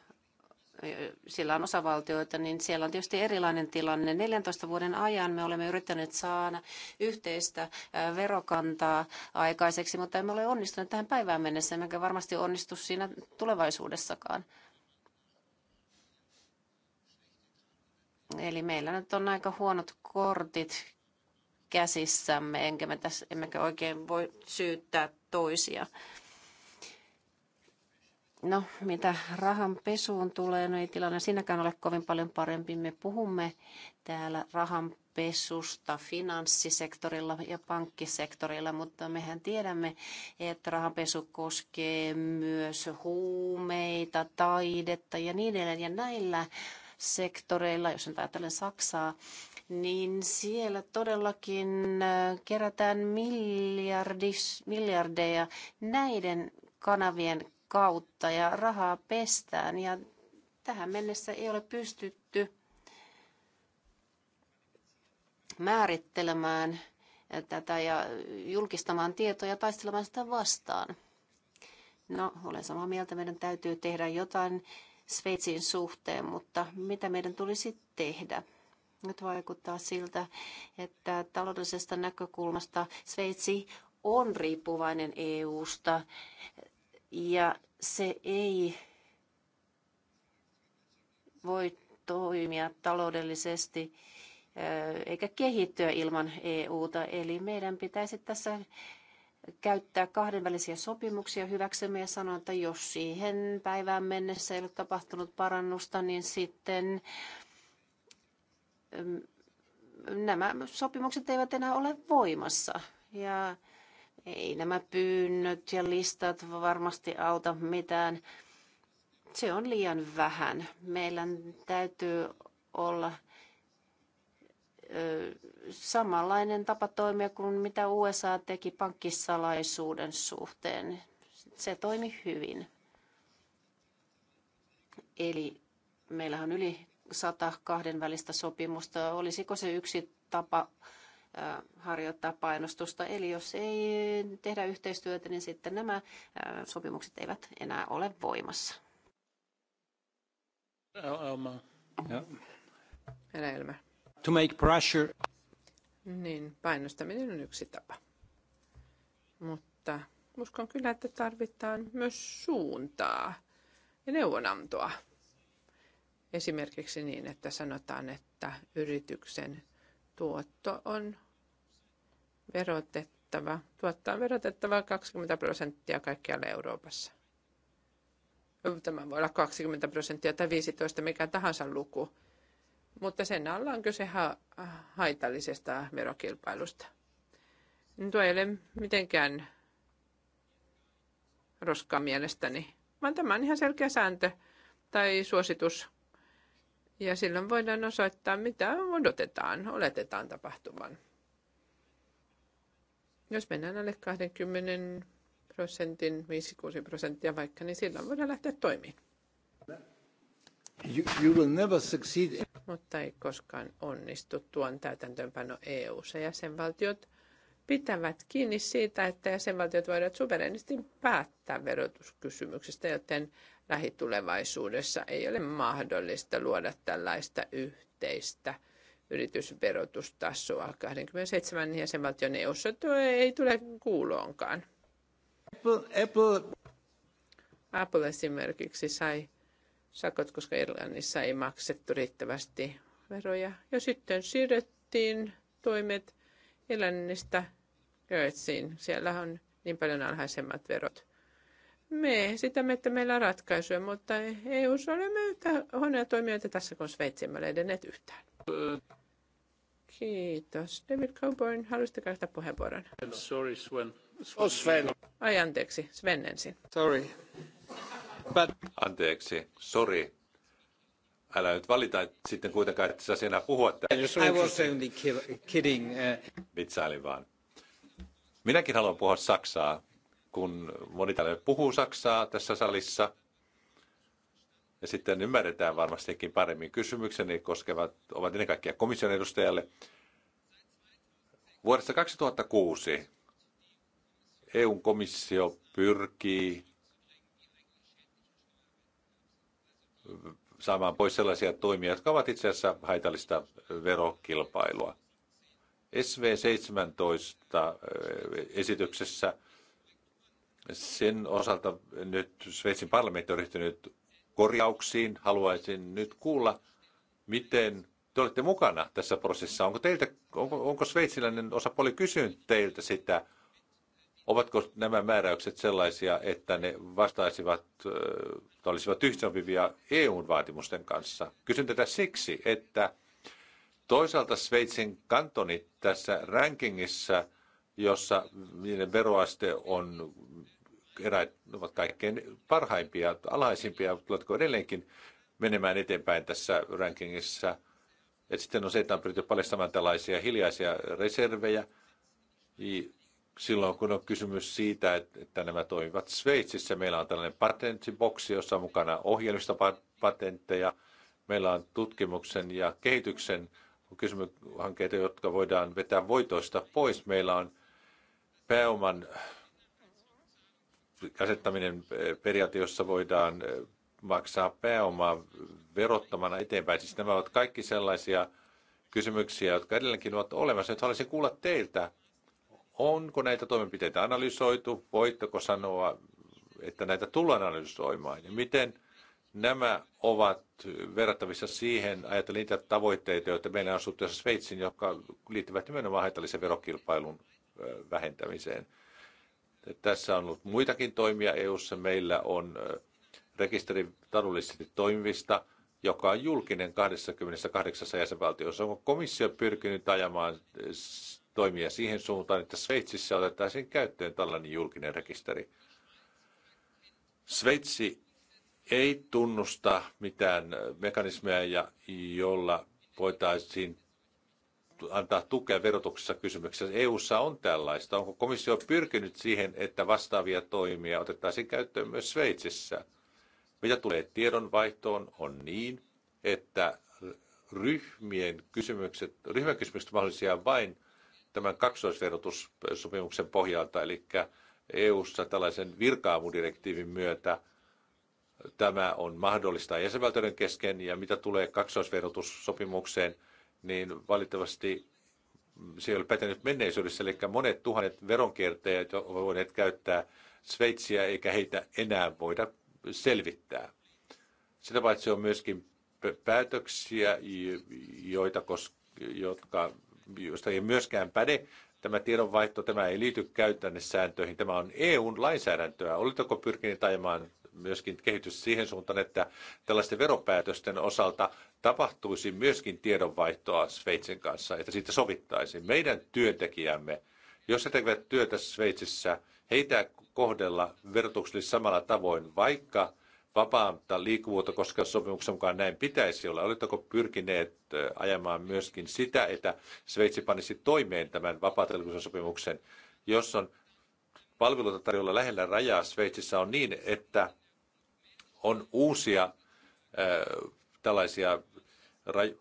sillä on osavaltioita, niin siellä on tietysti erilainen tilanne. 14 vuoden ajan me olemme yrittäneet saada yhteistä verokantaa aikaiseksi, mutta emme ole onnistuneet tähän päivään mennessä, emmekä varmasti onnistu siinä tulevaisuudessakaan. Eli meillä nyt on aika huonot kortit käsissämme, enkä me tässä, emmekä oikein voi syyttää toisia. No, mitä rahan pesuun tulee, no ei tilanne siinäkään ole kovin paljon parempi. Me puhumme täällä rahan pesusta finanssisektorilla ja pankkisektorilla, mutta mehän tiedämme, että rahanpesu koskee myös huumeita, taidetta ja niin edelleen. Ja näillä sektoreilla, jos nyt ajattelen Saksaa, niin siellä todellakin äh, kerätään miljardis, miljardeja näiden kanavien kautta ja rahaa pestään. Ja tähän mennessä ei ole pystytty määrittelemään äh, tätä ja julkistamaan tietoja ja taistelemaan sitä vastaan. No, olen samaa mieltä, meidän täytyy tehdä jotain Sveitsin suhteen, mutta mitä meidän tulisi tehdä? Nyt vaikuttaa siltä, että taloudellisesta näkökulmasta Sveitsi on riippuvainen EUsta ja se ei voi toimia taloudellisesti eikä kehittyä ilman EUta. Eli meidän pitäisi tässä käyttää kahdenvälisiä sopimuksia hyväksemme ja sanoa, että jos siihen päivään mennessä ei ole tapahtunut parannusta, niin sitten mm, nämä sopimukset eivät enää ole voimassa. Ja ei nämä pyynnöt ja listat varmasti auta mitään. Se on liian vähän. Meillä täytyy olla samanlainen tapa toimia kuin mitä USA teki pankkisalaisuuden suhteen. Se toimi hyvin. Eli meillähän on yli kahden kahdenvälistä sopimusta. Olisiko se yksi tapa harjoittaa painostusta? Eli jos ei tehdä yhteistyötä, niin sitten nämä sopimukset eivät enää ole voimassa. Elma. Ja. Elma. To make pressure niin painostaminen on yksi tapa. Mutta uskon kyllä, että tarvitaan myös suuntaa ja neuvonantoa. Esimerkiksi niin, että sanotaan, että yrityksen tuotto on verotettava, tuottaa on verotettava 20 prosenttia kaikkialla Euroopassa. Tämä voi olla 20 prosenttia tai 15, mikä tahansa luku mutta sen alla on kyse ha- haitallisesta verokilpailusta. Tuo ei ole mitenkään roskaa mielestäni, vaan tämä on ihan selkeä sääntö tai suositus. Ja silloin voidaan osoittaa, mitä odotetaan, oletetaan tapahtuvan. Jos mennään alle 20 prosentin, 5-6 prosenttia vaikka, niin silloin voidaan lähteä toimiin. You, will never succeed. Mutta ei koskaan onnistu tuon täytäntöönpano EU-ssa. Jäsenvaltiot pitävät kiinni siitä, että jäsenvaltiot voivat suverenisti päättää verotuskysymyksistä, joten lähitulevaisuudessa ei ole mahdollista luoda tällaista yhteistä yritysverotustasoa 27 jäsenvaltion EU-ssa. Tuo ei tule kuuloonkaan. Apple, Apple. Apple esimerkiksi sai sakot, koska Irlannissa ei maksettu riittävästi veroja. Ja sitten siirrettiin toimet Irlannista Göetsiin. Siellä on niin paljon alhaisemmat verot. Me esitämme, että meillä on ratkaisuja, mutta EU-ssa olemme yhtä huonoja toimijoita tässä, kun Sveitsiin me edenneet yhtään. Kiitos. David Coburn, haluaisitte käyttää puheenvuoron? Sorry, Sven. Oh, Sven. Ai anteeksi, Sven ensin. Sorry. Anteeksi, sorry, Älä nyt valita että sitten kuitenkaan, että sä sinä puhua Että... I was only kidding. Uh, Vitsailin vaan. Minäkin haluan puhua Saksaa, kun moni tällainen puhuu Saksaa tässä salissa. Ja sitten ymmärretään varmastikin paremmin kysymykseni koskevat, ovat ennen kaikkea komission edustajalle. Vuodesta 2006 eu komissio pyrkii saamaan pois sellaisia toimia, jotka ovat itse asiassa haitallista verokilpailua. SV17 eh, esityksessä sen osalta nyt Sveitsin parlamentti on ryhtynyt korjauksiin. Haluaisin nyt kuulla, miten te olette mukana tässä prosessissa. Onko, teiltä, onko, onko sveitsiläinen osapuoli kysynyt teiltä sitä, Ovatko nämä määräykset sellaisia, että ne vastaisivat, että olisivat yhteensopivia EUn vaatimusten kanssa? Kysyn tätä siksi, että toisaalta Sveitsin kantonit tässä rankingissa, jossa niiden veroaste on eräät ovat kaikkein parhaimpia, alhaisimpia, tuletko edelleenkin menemään eteenpäin tässä rankingissa. Et sitten on se, että on pyritty paljastamaan tällaisia hiljaisia reservejä, silloin, kun on kysymys siitä, että nämä toimivat Sveitsissä. Meillä on tällainen patenttiboksi, jossa on mukana ohjelmistopatentteja. patentteja. Meillä on tutkimuksen ja kehityksen kysymyshankkeita, jotka voidaan vetää voitoista pois. Meillä on pääoman asettaminen periaate, jossa voidaan eh, maksaa pääomaa verottamana eteenpäin. Siis nämä ovat kaikki sellaisia kysymyksiä, jotka edelleenkin ovat olemassa. Nyt haluaisin kuulla teiltä, Onko näitä toimenpiteitä analysoitu? Voitteko sanoa, että näitä tullaan analysoimaan? Ja miten nämä ovat verrattavissa siihen, ajatellen niitä tavoitteita, joita meillä on suhteessa Sveitsin, jotka liittyvät nimenomaan haitallisen verokilpailun vähentämiseen. Tässä on ollut muitakin toimia EU:ssa. Meillä on rekisteri taloudellisesti toimivista, joka on julkinen 28 jäsenvaltiossa. Onko komissio pyrkinyt ajamaan toimia siihen suuntaan, että Sveitsissä otettaisiin käyttöön tällainen julkinen rekisteri. Sveitsi ei tunnusta mitään mekanismeja, jolla voitaisiin antaa tukea verotuksessa kysymyksessä. EU:ssa on tällaista. Onko komissio pyrkinyt siihen, että vastaavia toimia otettaisiin käyttöön myös Sveitsissä? Mitä tulee tiedonvaihtoon, on niin, että ryhmien kysymykset, ryhmäkysymykset mahdollisia vain tämän kaksoisverotussopimuksen pohjalta, eli EU-ssa tällaisen virkaamudirektiivin myötä tämä on mahdollista jäsenvaltioiden kesken, ja mitä tulee kaksoisverotussopimukseen, niin valitettavasti se ei ole pätenyt menneisyydessä, eli monet tuhannet veronkiertäjät ovat voineet käyttää Sveitsiä, eikä heitä enää voida selvittää. Sitä paitsi on myöskin päätöksiä, joita, jotka josta ei myöskään päde. Tämä tiedonvaihto, tämä ei liity käytännössääntöihin, tämä on EUn lainsäädäntöä. Oletteko pyrkineet ajamaan myöskin kehitys siihen suuntaan, että tällaisten veropäätösten osalta tapahtuisi myöskin tiedonvaihtoa Sveitsin kanssa, että siitä sovittaisiin. Meidän työntekijämme, jos he tekevät työtä Sveitsissä, heitä kohdella verotuksellisesti samalla tavoin, vaikka – vapaata liikkuvuutta koskevan sopimuksen mukaan näin pitäisi olla. Oletteko pyrkineet ajamaan myöskin sitä, että Sveitsi panisi toimeen tämän vapaata sopimuksen, jos on palveluita tarjolla lähellä rajaa Sveitsissä on niin, että on uusia äh, tällaisia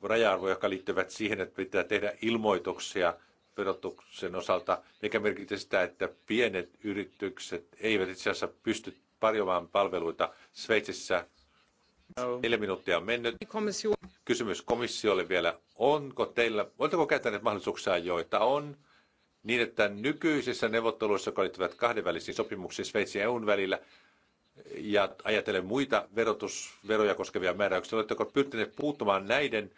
raja-arvoja, jotka liittyvät siihen, että pitää tehdä ilmoituksia verotuksen osalta, mikä merkitsee sitä, että pienet yritykset eivät itse asiassa pysty tarjoamaan palveluita Sveitsissä. Neljä minuuttia on mennyt. Kysymys komissiolle vielä. Onko teillä, oletteko käyttäneet mahdollisuuksia, joita on, niin että nykyisissä neuvotteluissa, jotka liittyvät kahdenvälisiin sopimuksiin Sveitsin ja EUn välillä, ja ajatellen muita verotus, veroja koskevia määräyksiä, oletteko pyrkineet puuttumaan näiden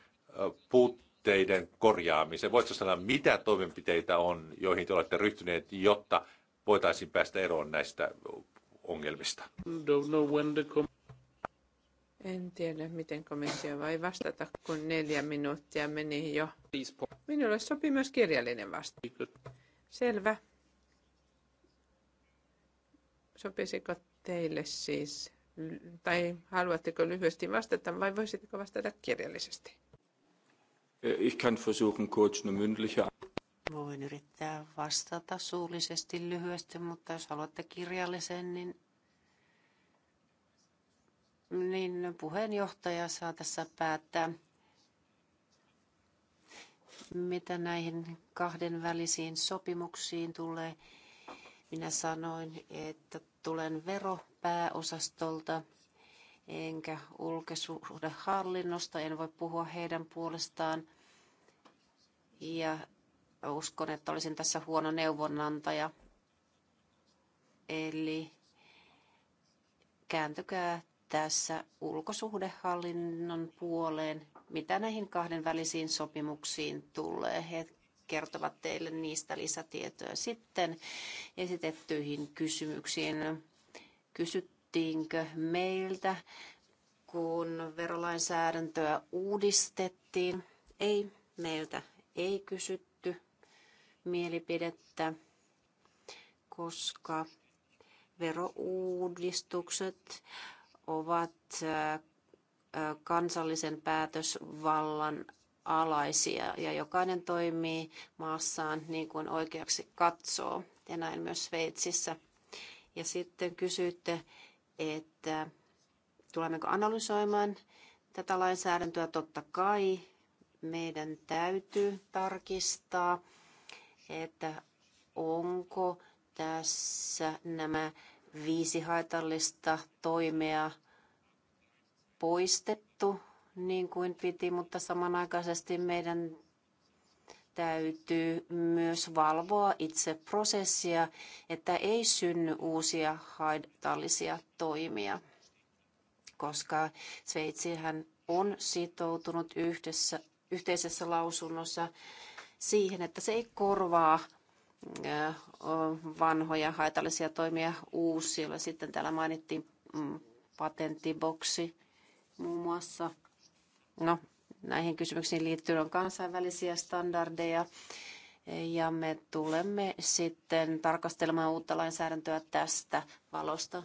puutteiden korjaamiseen? Voitko sanoa, mitä toimenpiteitä on, joihin te olette ryhtyneet, jotta voitaisiin päästä eroon näistä ongelmista. En tiedä, miten komissio voi vastata, kun neljä minuuttia meni jo. Minulle sopii myös kirjallinen vasta. Selvä. Sopisiko teille siis, tai haluatteko lyhyesti vastata vai voisitteko vastata kirjallisesti? Äh, ich kann versuchen, kurz eine mündliche Voin yrittää vastata suullisesti lyhyesti, mutta jos haluatte kirjallisen, niin, niin puheenjohtaja saa tässä päättää, mitä näihin kahden välisiin sopimuksiin tulee. Minä sanoin, että tulen veropääosastolta enkä ulkosuhdehallinnosta, en voi puhua heidän puolestaan. Ja uskon, että olisin tässä huono neuvonantaja. Eli kääntykää tässä ulkosuhdehallinnon puoleen, mitä näihin kahden välisiin sopimuksiin tulee. He kertovat teille niistä lisätietoja sitten esitettyihin kysymyksiin. Kysyttiinkö meiltä, kun verolainsäädäntöä uudistettiin? Ei, meiltä ei kysytty mielipidettä, koska verouudistukset ovat kansallisen päätösvallan alaisia ja jokainen toimii maassaan niin kuin oikeaksi katsoo ja näin myös Sveitsissä. Ja sitten kysyitte, että tulemmeko analysoimaan tätä lainsäädäntöä. Totta kai meidän täytyy tarkistaa että onko tässä nämä viisi haitallista toimea poistettu niin kuin piti, mutta samanaikaisesti meidän täytyy myös valvoa itse prosessia, että ei synny uusia haitallisia toimia, koska Sveitsihän on sitoutunut yhdessä, yhteisessä lausunnossa siihen, että se ei korvaa vanhoja haitallisia toimia uusilla. Sitten täällä mainittiin mm, patenttiboksi muun muassa. No, näihin kysymyksiin liittyen on kansainvälisiä standardeja ja me tulemme sitten tarkastelemaan uutta lainsäädäntöä tästä valosta.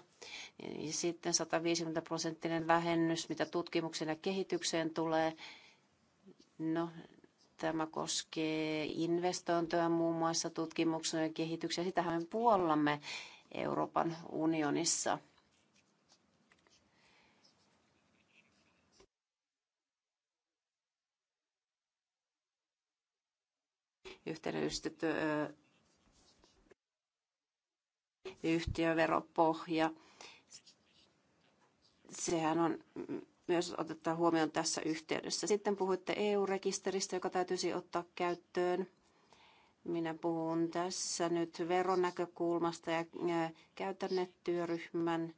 Ja sitten 150 prosenttinen vähennys, mitä tutkimukseen ja kehitykseen tulee. No, Tämä koskee investointeja muun muassa tutkimuksen ja kehityksen. Sitähän me puollamme Euroopan unionissa. yhteydellistetty yhtiöveropohja. Sehän on myös otetaan huomioon tässä yhteydessä. Sitten puhuitte EU-rekisteristä, joka täytyisi ottaa käyttöön. Minä puhun tässä nyt veronäkökulmasta ja käytännetyöryhmän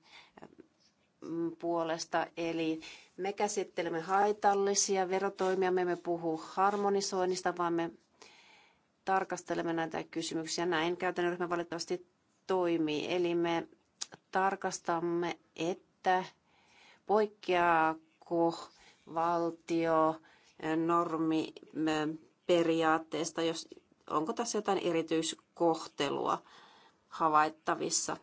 mm, puolesta. Eli me käsittelemme haitallisia verotoimia, me emme puhu harmonisoinnista, vaan me tarkastelemme näitä kysymyksiä. Näin käytännöryhmä valitettavasti toimii. Eli me tarkastamme, että poikkeaa joku valtio eh, normi eh, periaatteesta, jos, onko tässä jotain erityiskohtelua havaittavissa.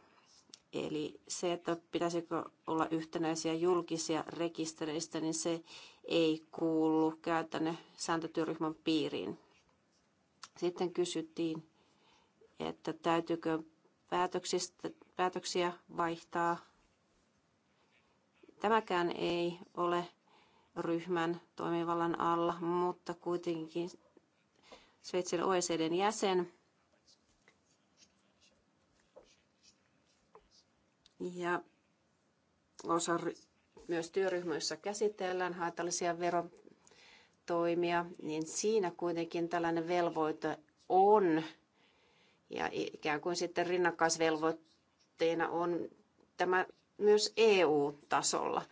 Eli se, että pitäisikö olla yhtenäisiä julkisia rekistereistä, niin se ei kuulu käytännön sääntötyöryhmän piiriin. Sitten kysyttiin, että täytyykö päätöksistä, päätöksiä vaihtaa Tämäkään ei ole ryhmän toimivallan alla, mutta kuitenkin Sveitsin OECDn jäsen. Ja osa myös työryhmissä käsitellään haitallisia verotoimia, niin siinä kuitenkin tällainen velvoite on. Ja ikään kuin sitten rinnakkaisvelvoitteena on tämä myös EU-tasolla.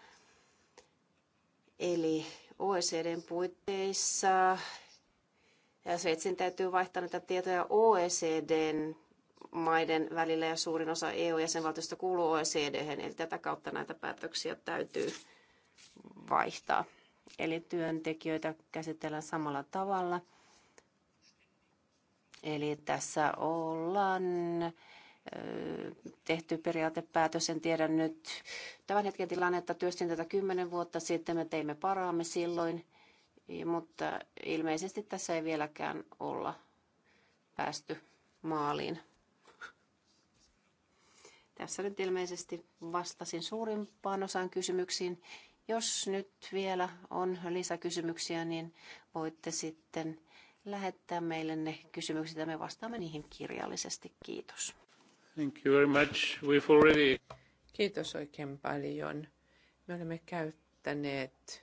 Eli OECDn puitteissa ja Sveitsin täytyy vaihtaa näitä tietoja OECDn maiden välillä ja suurin osa EU-jäsenvaltioista kuuluu oecd eli tätä kautta näitä päätöksiä täytyy vaihtaa. Eli työntekijöitä käsitellään samalla tavalla. Eli tässä ollaan tehty periaatepäätös, en tiedä nyt tämän hetken tilannetta, työstin tätä kymmenen vuotta sitten, me teimme paraamme silloin, mutta ilmeisesti tässä ei vieläkään olla päästy maaliin. Tässä nyt ilmeisesti vastasin suurimpaan osaan kysymyksiin. Jos nyt vielä on lisäkysymyksiä, niin voitte sitten lähettää meille ne kysymykset ja me vastaamme niihin kirjallisesti. Kiitos. Thank you very much. We've already... Kiitos oikein paljon. Me olemme käyttäneet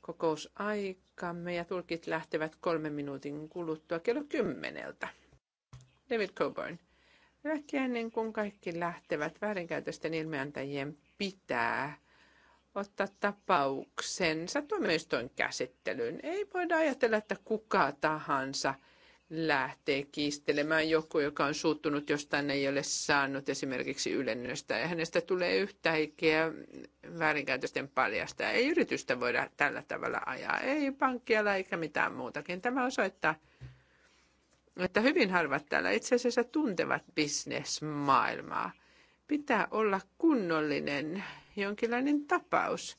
kokousaikamme ja tulkit lähtevät kolmen minuutin kuluttua kello kymmeneltä. David Coburn. Ehkä ennen kuin kaikki lähtevät väärinkäytösten ilmeantajien pitää ottaa tapauksensa tuomioistuin käsittelyyn. Ei voida ajatella, että kuka tahansa – lähtee kiistelemään joku, joka on suuttunut jostain, ei ole saanut esimerkiksi ylennystä ja hänestä tulee yhtäkkiä väärinkäytösten paljasta. Ei yritystä voida tällä tavalla ajaa, ei pankkialla eikä mitään muutakin. Tämä osoittaa, että hyvin harvat täällä itse asiassa tuntevat bisnesmaailmaa. Pitää olla kunnollinen jonkinlainen tapaus.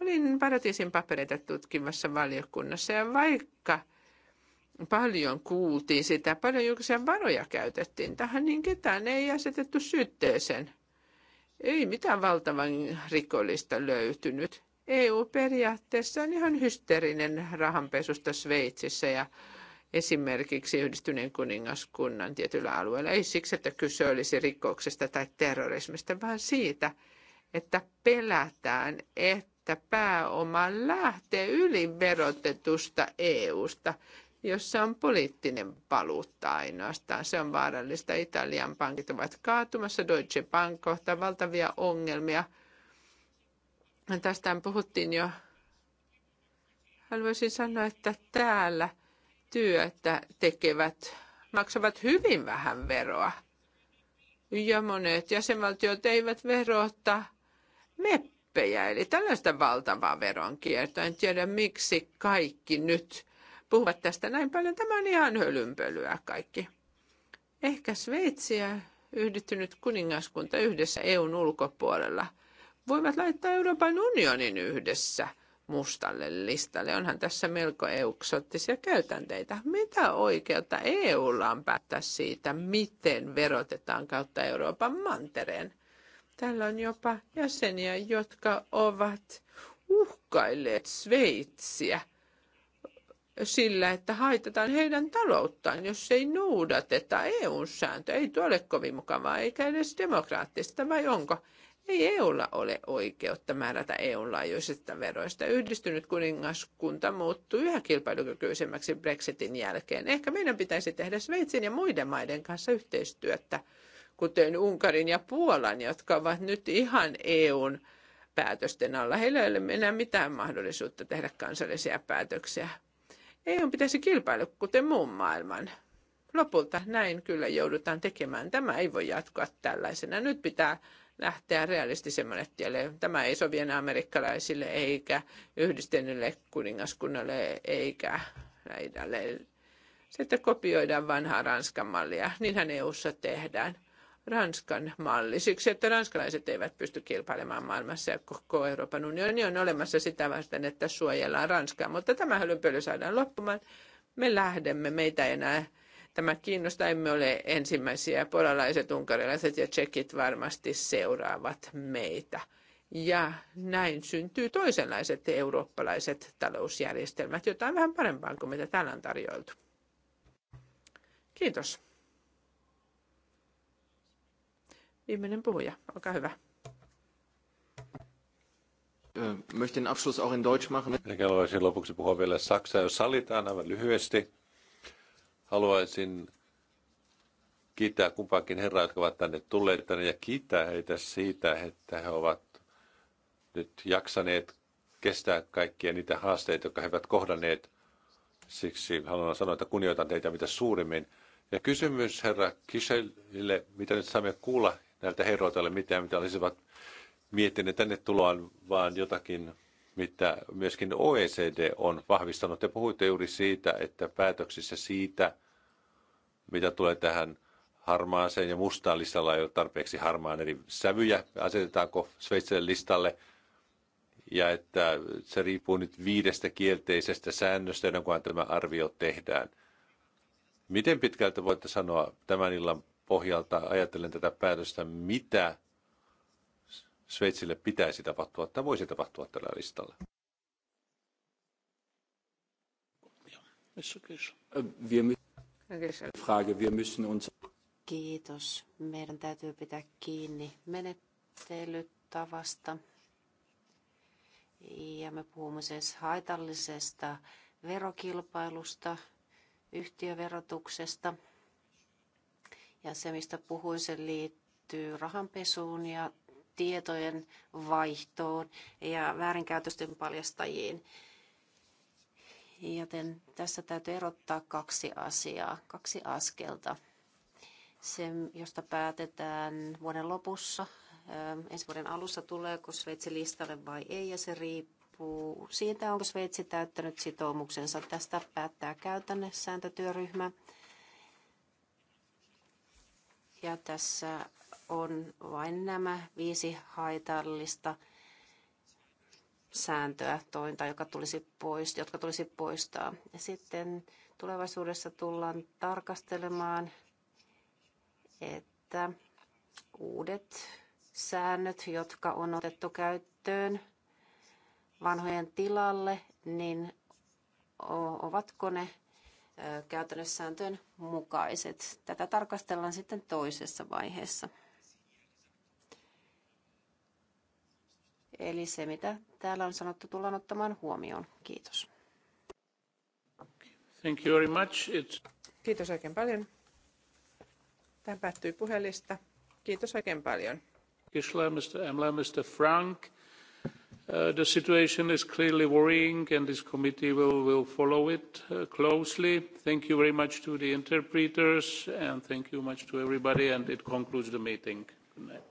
Olin paratiisin papereita tutkimassa valiokunnassa ja vaikka – paljon kuultiin sitä, paljon julkisia varoja käytettiin tähän, niin ketään ei asetettu syytteeseen. Ei mitään valtavan rikollista löytynyt. EU periaatteessa on ihan hysteerinen rahanpesusta Sveitsissä ja esimerkiksi yhdistyneen kuningaskunnan tietyllä alueella. Ei siksi, että kyse olisi rikoksesta tai terrorismista, vaan siitä, että pelätään, että pääoma lähtee yliverotetusta EUsta jossa on poliittinen valuutta ainoastaan. Se on vaarallista. Italian pankit ovat kaatumassa, Deutsche Bank kohtaa valtavia ongelmia. Tästä puhuttiin jo. Haluaisin sanoa, että täällä työtä tekevät maksavat hyvin vähän veroa. Ja monet jäsenvaltiot eivät verota meppejä, eli tällaista valtavaa veronkiertoa. En tiedä, miksi kaikki nyt puhuvat tästä näin paljon. Tämä on ihan hölynpölyä kaikki. Ehkä Sveitsi ja kuningaskunta yhdessä EUn ulkopuolella voivat laittaa Euroopan unionin yhdessä mustalle listalle. Onhan tässä melko euksottisia käytänteitä. Mitä oikeutta EUlla on päättää siitä, miten verotetaan kautta Euroopan mantereen? Täällä on jopa jäseniä, jotka ovat uhkailleet Sveitsiä – sillä, että haitetaan heidän talouttaan, jos ei noudateta EU-sääntöä. Ei tuo ole kovin mukavaa, eikä edes demokraattista, vai onko? Ei EUlla ole oikeutta määrätä EUn laajuisista veroista. Yhdistynyt kuningaskunta muuttuu yhä kilpailukykyisemmäksi Brexitin jälkeen. Ehkä meidän pitäisi tehdä Sveitsin ja muiden maiden kanssa yhteistyötä, kuten Unkarin ja Puolan, jotka ovat nyt ihan EUn päätösten alla. Heillä ei ole enää mitään mahdollisuutta tehdä kansallisia päätöksiä EUn pitäisi kilpailla, kuten muun maailman. Lopulta näin kyllä joudutaan tekemään. Tämä ei voi jatkua tällaisena. Nyt pitää lähteä realistisemmalle tielle. Tämä ei sovi enää amerikkalaisille eikä yhdistyneelle kuningaskunnalle eikä näidälle. Sitten kopioidaan vanhaa Ranskan mallia. Niinhän EUssa tehdään. Ranskan malli siksi, että ranskalaiset eivät pysty kilpailemaan maailmassa ja koko Euroopan unioni on olemassa sitä vasten, että suojellaan Ranskaa. Mutta tämä hölynpöly saadaan loppumaan. Me lähdemme, meitä ei enää tämä kiinnostaa. Emme ole ensimmäisiä. Polalaiset, unkarilaiset ja tsekit varmasti seuraavat meitä. Ja näin syntyy toisenlaiset eurooppalaiset talousjärjestelmät, jotain vähän parempaa kuin mitä täällä on tarjoiltu. Kiitos. Viimeinen puhuja, olkaa hyvä. Äh, Möchten Abschluss auch in Deutsch machen. Haluaisin lopuksi puhua vielä Saksaa, jos sallitaan aivan lyhyesti. Haluaisin kiittää kumpaakin herraa, jotka ovat tänne tulleet tänne, ja kiittää heitä siitä, että he ovat nyt jaksaneet kestää kaikkia niitä haasteita, jotka he ovat kohdanneet. Siksi haluan sanoa, että kunnioitan teitä mitä suurimmin. Ja kysymys herra Kiselille, mitä nyt saamme kuulla näiltä herroilta ole mitään, mitä olisivat miettineet tänne tuloaan, vaan jotakin, mitä myöskin OECD on vahvistanut. Te puhuitte juuri siitä, että päätöksissä siitä, mitä tulee tähän harmaaseen ja mustaan listalla ei ole tarpeeksi harmaan eri sävyjä, asetetaanko Sveitsille listalle, ja että se riippuu nyt viidestä kielteisestä säännöstä, ennen kuin tämä arvio tehdään. Miten pitkältä voitte sanoa tämän illan pohjalta ajatellen tätä päätöstä, mitä Sveitsille pitäisi tapahtua tai voisi tapahtua tällä listalla? Kiitos. Meidän täytyy pitää kiinni menettelytavasta. Ja me puhumme siis haitallisesta verokilpailusta, yhtiöverotuksesta – ja se, mistä puhuin, se liittyy rahanpesuun ja tietojen vaihtoon ja väärinkäytösten paljastajiin. Joten tässä täytyy erottaa kaksi asiaa, kaksi askelta. Se, josta päätetään vuoden lopussa, ähm, ensi vuoden alussa tuleeko Sveitsi listalle vai ei, ja se riippuu siitä, onko Sveitsi täyttänyt sitoumuksensa. Tästä päättää käytännössä sääntötyöryhmä ja tässä on vain nämä viisi haitallista sääntöä tointa, joka tulisi pois, jotka tulisi poistaa. Ja sitten tulevaisuudessa tullaan tarkastelemaan, että uudet säännöt, jotka on otettu käyttöön vanhojen tilalle, niin ovatko ne käytännössääntöjen mukaiset. Tätä tarkastellaan sitten toisessa vaiheessa. Eli se, mitä täällä on sanottu, tullaan ottamaan huomioon. Kiitos. Thank you very much. It's... Kiitos oikein paljon. Tämä päättyy puhelista. Kiitos oikein paljon. Kishla, Mr. Emla, Mr. Frank. Uh, the situation is clearly worrying and this committee will, follow it uh, closely. Thank you very much to the interpreters and thank you much to everybody and it concludes the meeting. Good night.